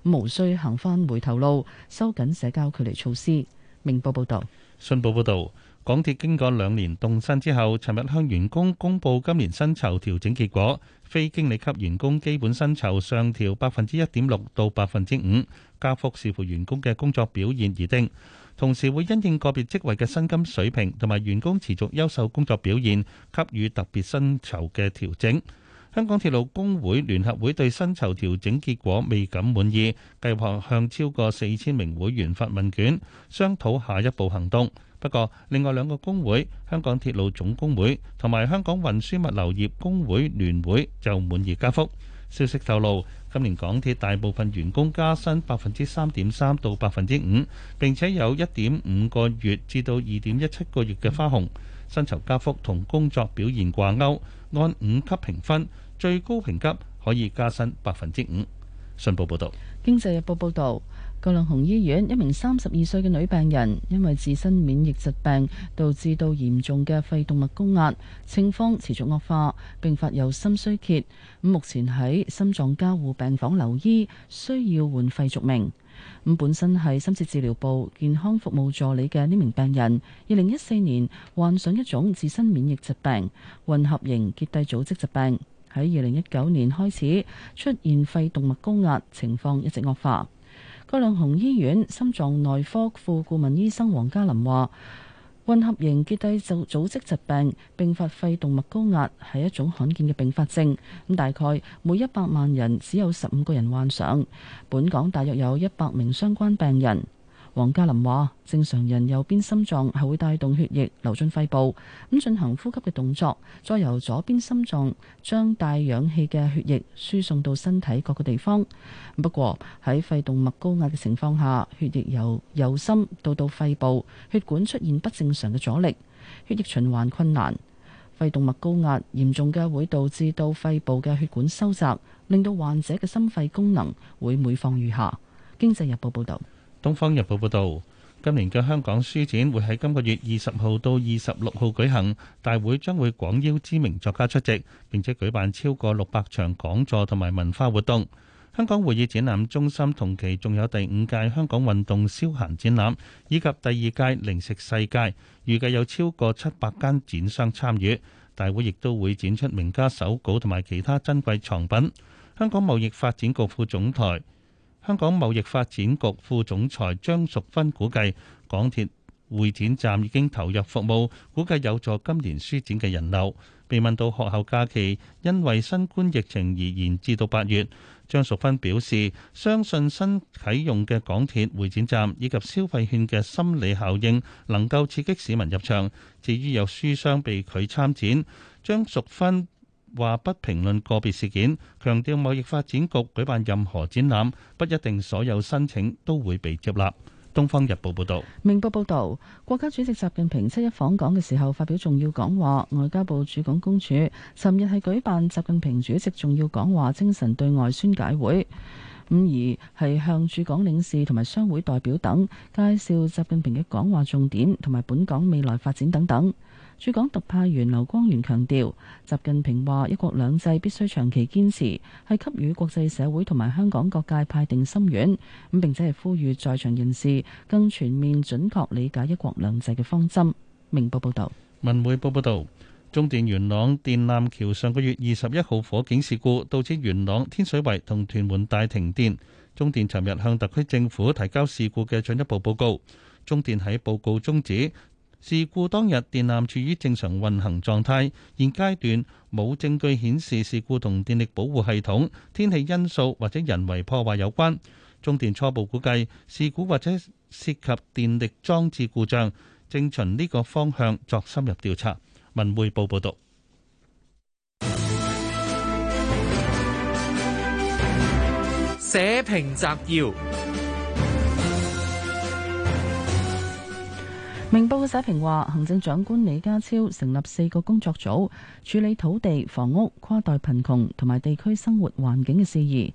咁無需行返回頭路，收緊社交距離措施。明報報道。信報報導。港鐵經過兩年凍薪之後，尋日向員工公布今年薪酬調整結果。非經理級員工基本薪酬上調百分之一點六到百分之五，加幅視乎員工嘅工作表現而定。同時會因應個別職位嘅薪金水平，同埋員工持續優秀工作表現，給予特別薪酬嘅調整。香港鐵路工會聯合會對薪酬調整結果未感滿意，計劃向超過四千名會員發問卷，商討下一步行動。不過，另外兩個工會——香港鐵路總工會同埋香港運輸物流業工會聯會就滿意加幅。消息透露，今年港鐵大部分員工加薪百分之三點三到百分之五，並且有一點五個月至到二點一七個月嘅花紅。薪酬加幅同工作表現掛鈎，按五級評分，最高評級可以加薪百分之五。信報報道。經濟日報報道。葛量洪醫院一名三十二歲嘅女病人，因為自身免疫疾病導致到嚴重嘅肺動脈高壓，情況持續惡化，併發有心衰竭。目前喺心臟加護病房留醫，需要換肺續命。本身係深切治療部健康服務助理嘅呢名病人，二零一四年患上一種自身免疫疾病混合型結締組織疾病，喺二零一九年開始出現肺動脈高壓，情況一直惡化。葛量洪醫院心臟內科副顧問醫生黃嘉林話：混合型結締組，組織疾病並發肺動脈高壓係一種罕見嘅併發症，咁大概每一百萬人只有十五個人患上。本港大約有一百名相關病人。王嘉林話：正常人右邊心臟係會帶動血液流進肺部，咁進行呼吸嘅動作，再由左邊心臟將帶氧氣嘅血液輸送到身體各個地方。不過喺肺動脈高壓嘅情況下，血液由右心到到肺部血管出現不正常嘅阻力，血液循環困難。肺動脈高壓嚴重嘅會導致到肺部嘅血管收窄，令到患者嘅心肺功能會每況愈下。經濟日報報導。《東方日報》報導，今年嘅香港書展會喺今個月二十號到二十六號舉行，大會將會廣邀知名作家出席，並且舉辦超過六百場講座同埋文化活動。香港會議展覽中心同期仲有第五屆香港運動消閒展覽，以及第二屆零食世界，預計有超過七百間展商參與。大會亦都會展出名家手稿同埋其他珍貴藏品。香港貿易發展局副總裁。香港貿易發展局副總裁張淑芬估計，港鐵會展站已經投入服務，估計有助今年書展嘅人流。被問到學校假期因為新冠疫情而延至到八月，張淑芬表示，相信新啟用嘅港鐵會展站以及消費券嘅心理效應，能夠刺激市民入場。至於有書商被拒參展，張淑芬，話不評論個別事件，強調貿易發展局舉辦任何展覽，不一定所有申請都會被接納。東方日報報道，明報報道，國家主席習近平七一訪港嘅時候發表重要講話，外交部駐港公署尋日係舉辦習近平主席重要講話精神對外宣介會，五而係向駐港領事同埋商會代表等介紹習近平嘅講話重點同埋本港未來發展等等。駐港特派員劉光源強調，習近平話一國兩制必須長期堅持，係給予國際社會同埋香港各界派定心丸。咁並且係呼籲在場人士更全面準確理解一國兩制嘅方針。明報報導，文匯報報導，中電元朗電纜橋上個月二十一號火警事故，導致元朗天水圍同屯門大停電。中電尋日向特區政府提交事故嘅進一步報告。中電喺報告中指，事故當日電纜處於正常運行狀態，現階段冇證據顯示事故同電力保護系統、天氣因素或者人為破壞有關。中電初步估計，事故或者涉及電力裝置故障，正循呢個方向作深入調查。文匯報報導。社評摘要。明報嘅社評話，行政長官李家超成立四個工作組處理土地、房屋、跨代貧窮同埋地區生活環境嘅事宜。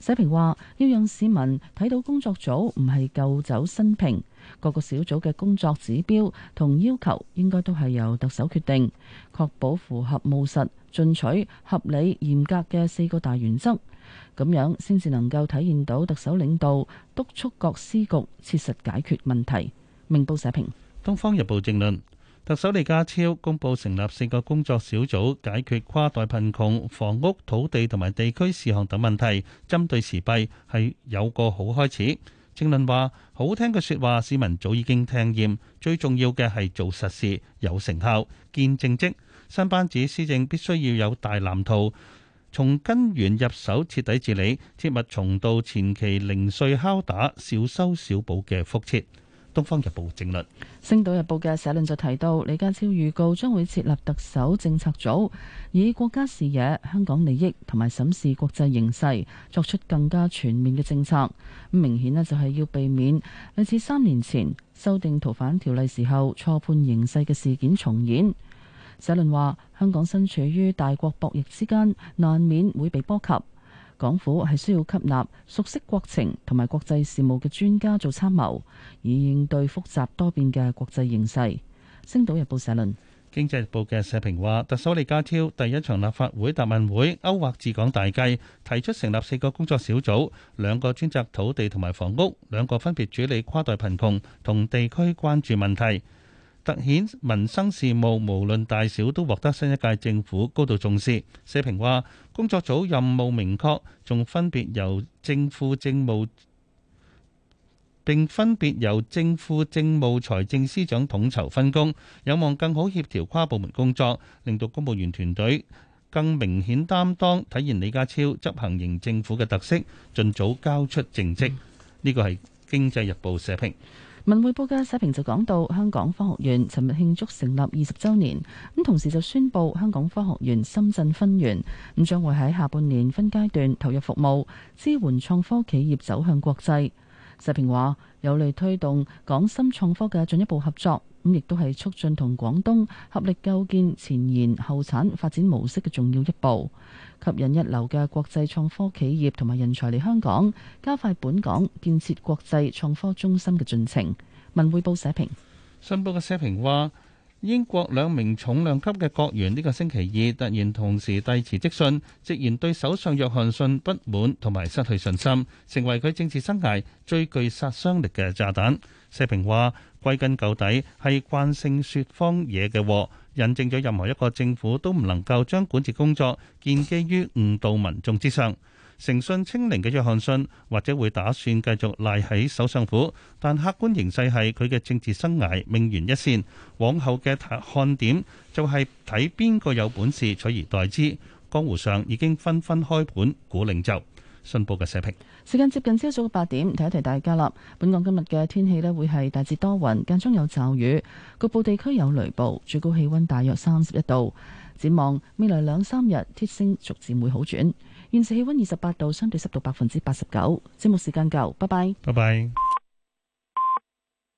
社評話，要讓市民睇到工作組唔係舊酒新瓶，各個小組嘅工作指標同要求應該都係由特首決定，確保符合務實、進取、合理、嚴格嘅四個大原則，咁樣先至能夠體現到特首領導督促各司局切實解決問題。明報社評。《東方日報》正論：特首李家超公布成立四個工作小組，解決跨代貧窮、房屋、土地同埋地區事項等問題。針對時弊係有個好開始。正論話：好聽嘅説話，市民早已經聽厭。最重要嘅係做實事，有成效、見政績。新班子施政必須要有大藍圖，從根源入手，徹底治理，切勿重蹈前期零碎敲打、小修小補嘅覆轍。《東方日報》政論，《星島日報》嘅社論就提到，李家超預告將會設立特首政策組，以國家視野、香港利益同埋審視國際形勢，作出更加全面嘅政策。咁明顯呢，就係要避免類似三年前修訂逃犯條例時候錯判形勢嘅事件重演。社論話，香港身處於大國博弈之間，難免會被波及。港府係需要吸納熟悉國情同埋國際事務嘅專家做參謀，以應對複雜多變嘅國際形勢。《星島日報》社論。《經濟日報》嘅社評話，特首李家超第一場立法會答問會勾畫治港大計，提出成立四個工作小組，兩個專責土地同埋房屋，兩個分別處理跨代貧窮同地區關注問題。特顯民生事務無論大小都獲得新一屆政府高度重視。社評話，工作組任務明確，仲分別由政府、政務並分別由政府政務財政司長統籌分工，有望更好協調跨部門工作，令到公務員團隊更明顯擔當，體現李家超執行型政府嘅特色，盡早交出政績。呢個係《經濟日報》社評。文匯報家社評就講到，香港科學院尋日慶祝成立二十周年，咁同時就宣布香港科學園深圳分園，咁將會喺下半年分階段投入服務，支援創科企業走向國際。社評話，有利推動港深創科嘅進一步合作，咁亦都係促進同廣東合力構建前研後產發展模式嘅重要一步，吸引一流嘅國際創科企業同埋人才嚟香港，加快本港建設國際創科中心嘅進程。文匯報社評，新報嘅社評話。英國兩名重量級嘅國員呢個星期二突然同時遞辭職信，直言對首相約翰遜不滿同埋失去信心，成為佢政治生涯最具殺傷力嘅炸彈。社評話：歸根究底係慣性説謊嘅禍，引證咗任何一個政府都唔能夠將管治工作建基於誤導民眾之上。誠信清零嘅約翰遜或者會打算繼續賴喺首相府，但客觀形勢係佢嘅政治生涯命懸一線，往後嘅看點就係睇邊個有本事取而代之。江湖上已經紛紛開盤，古領袖。信報嘅社評，時間接近朝早八點，提一提大家啦。本港今日嘅天氣呢會係大致多雲，間中有驟雨，局部地區有雷暴，最高氣溫大約三十一度。展望未來兩三日，天星逐漸會好轉。現時氣溫二十八度，相對濕度百分之八十九。節目時間夠，拜拜。拜拜。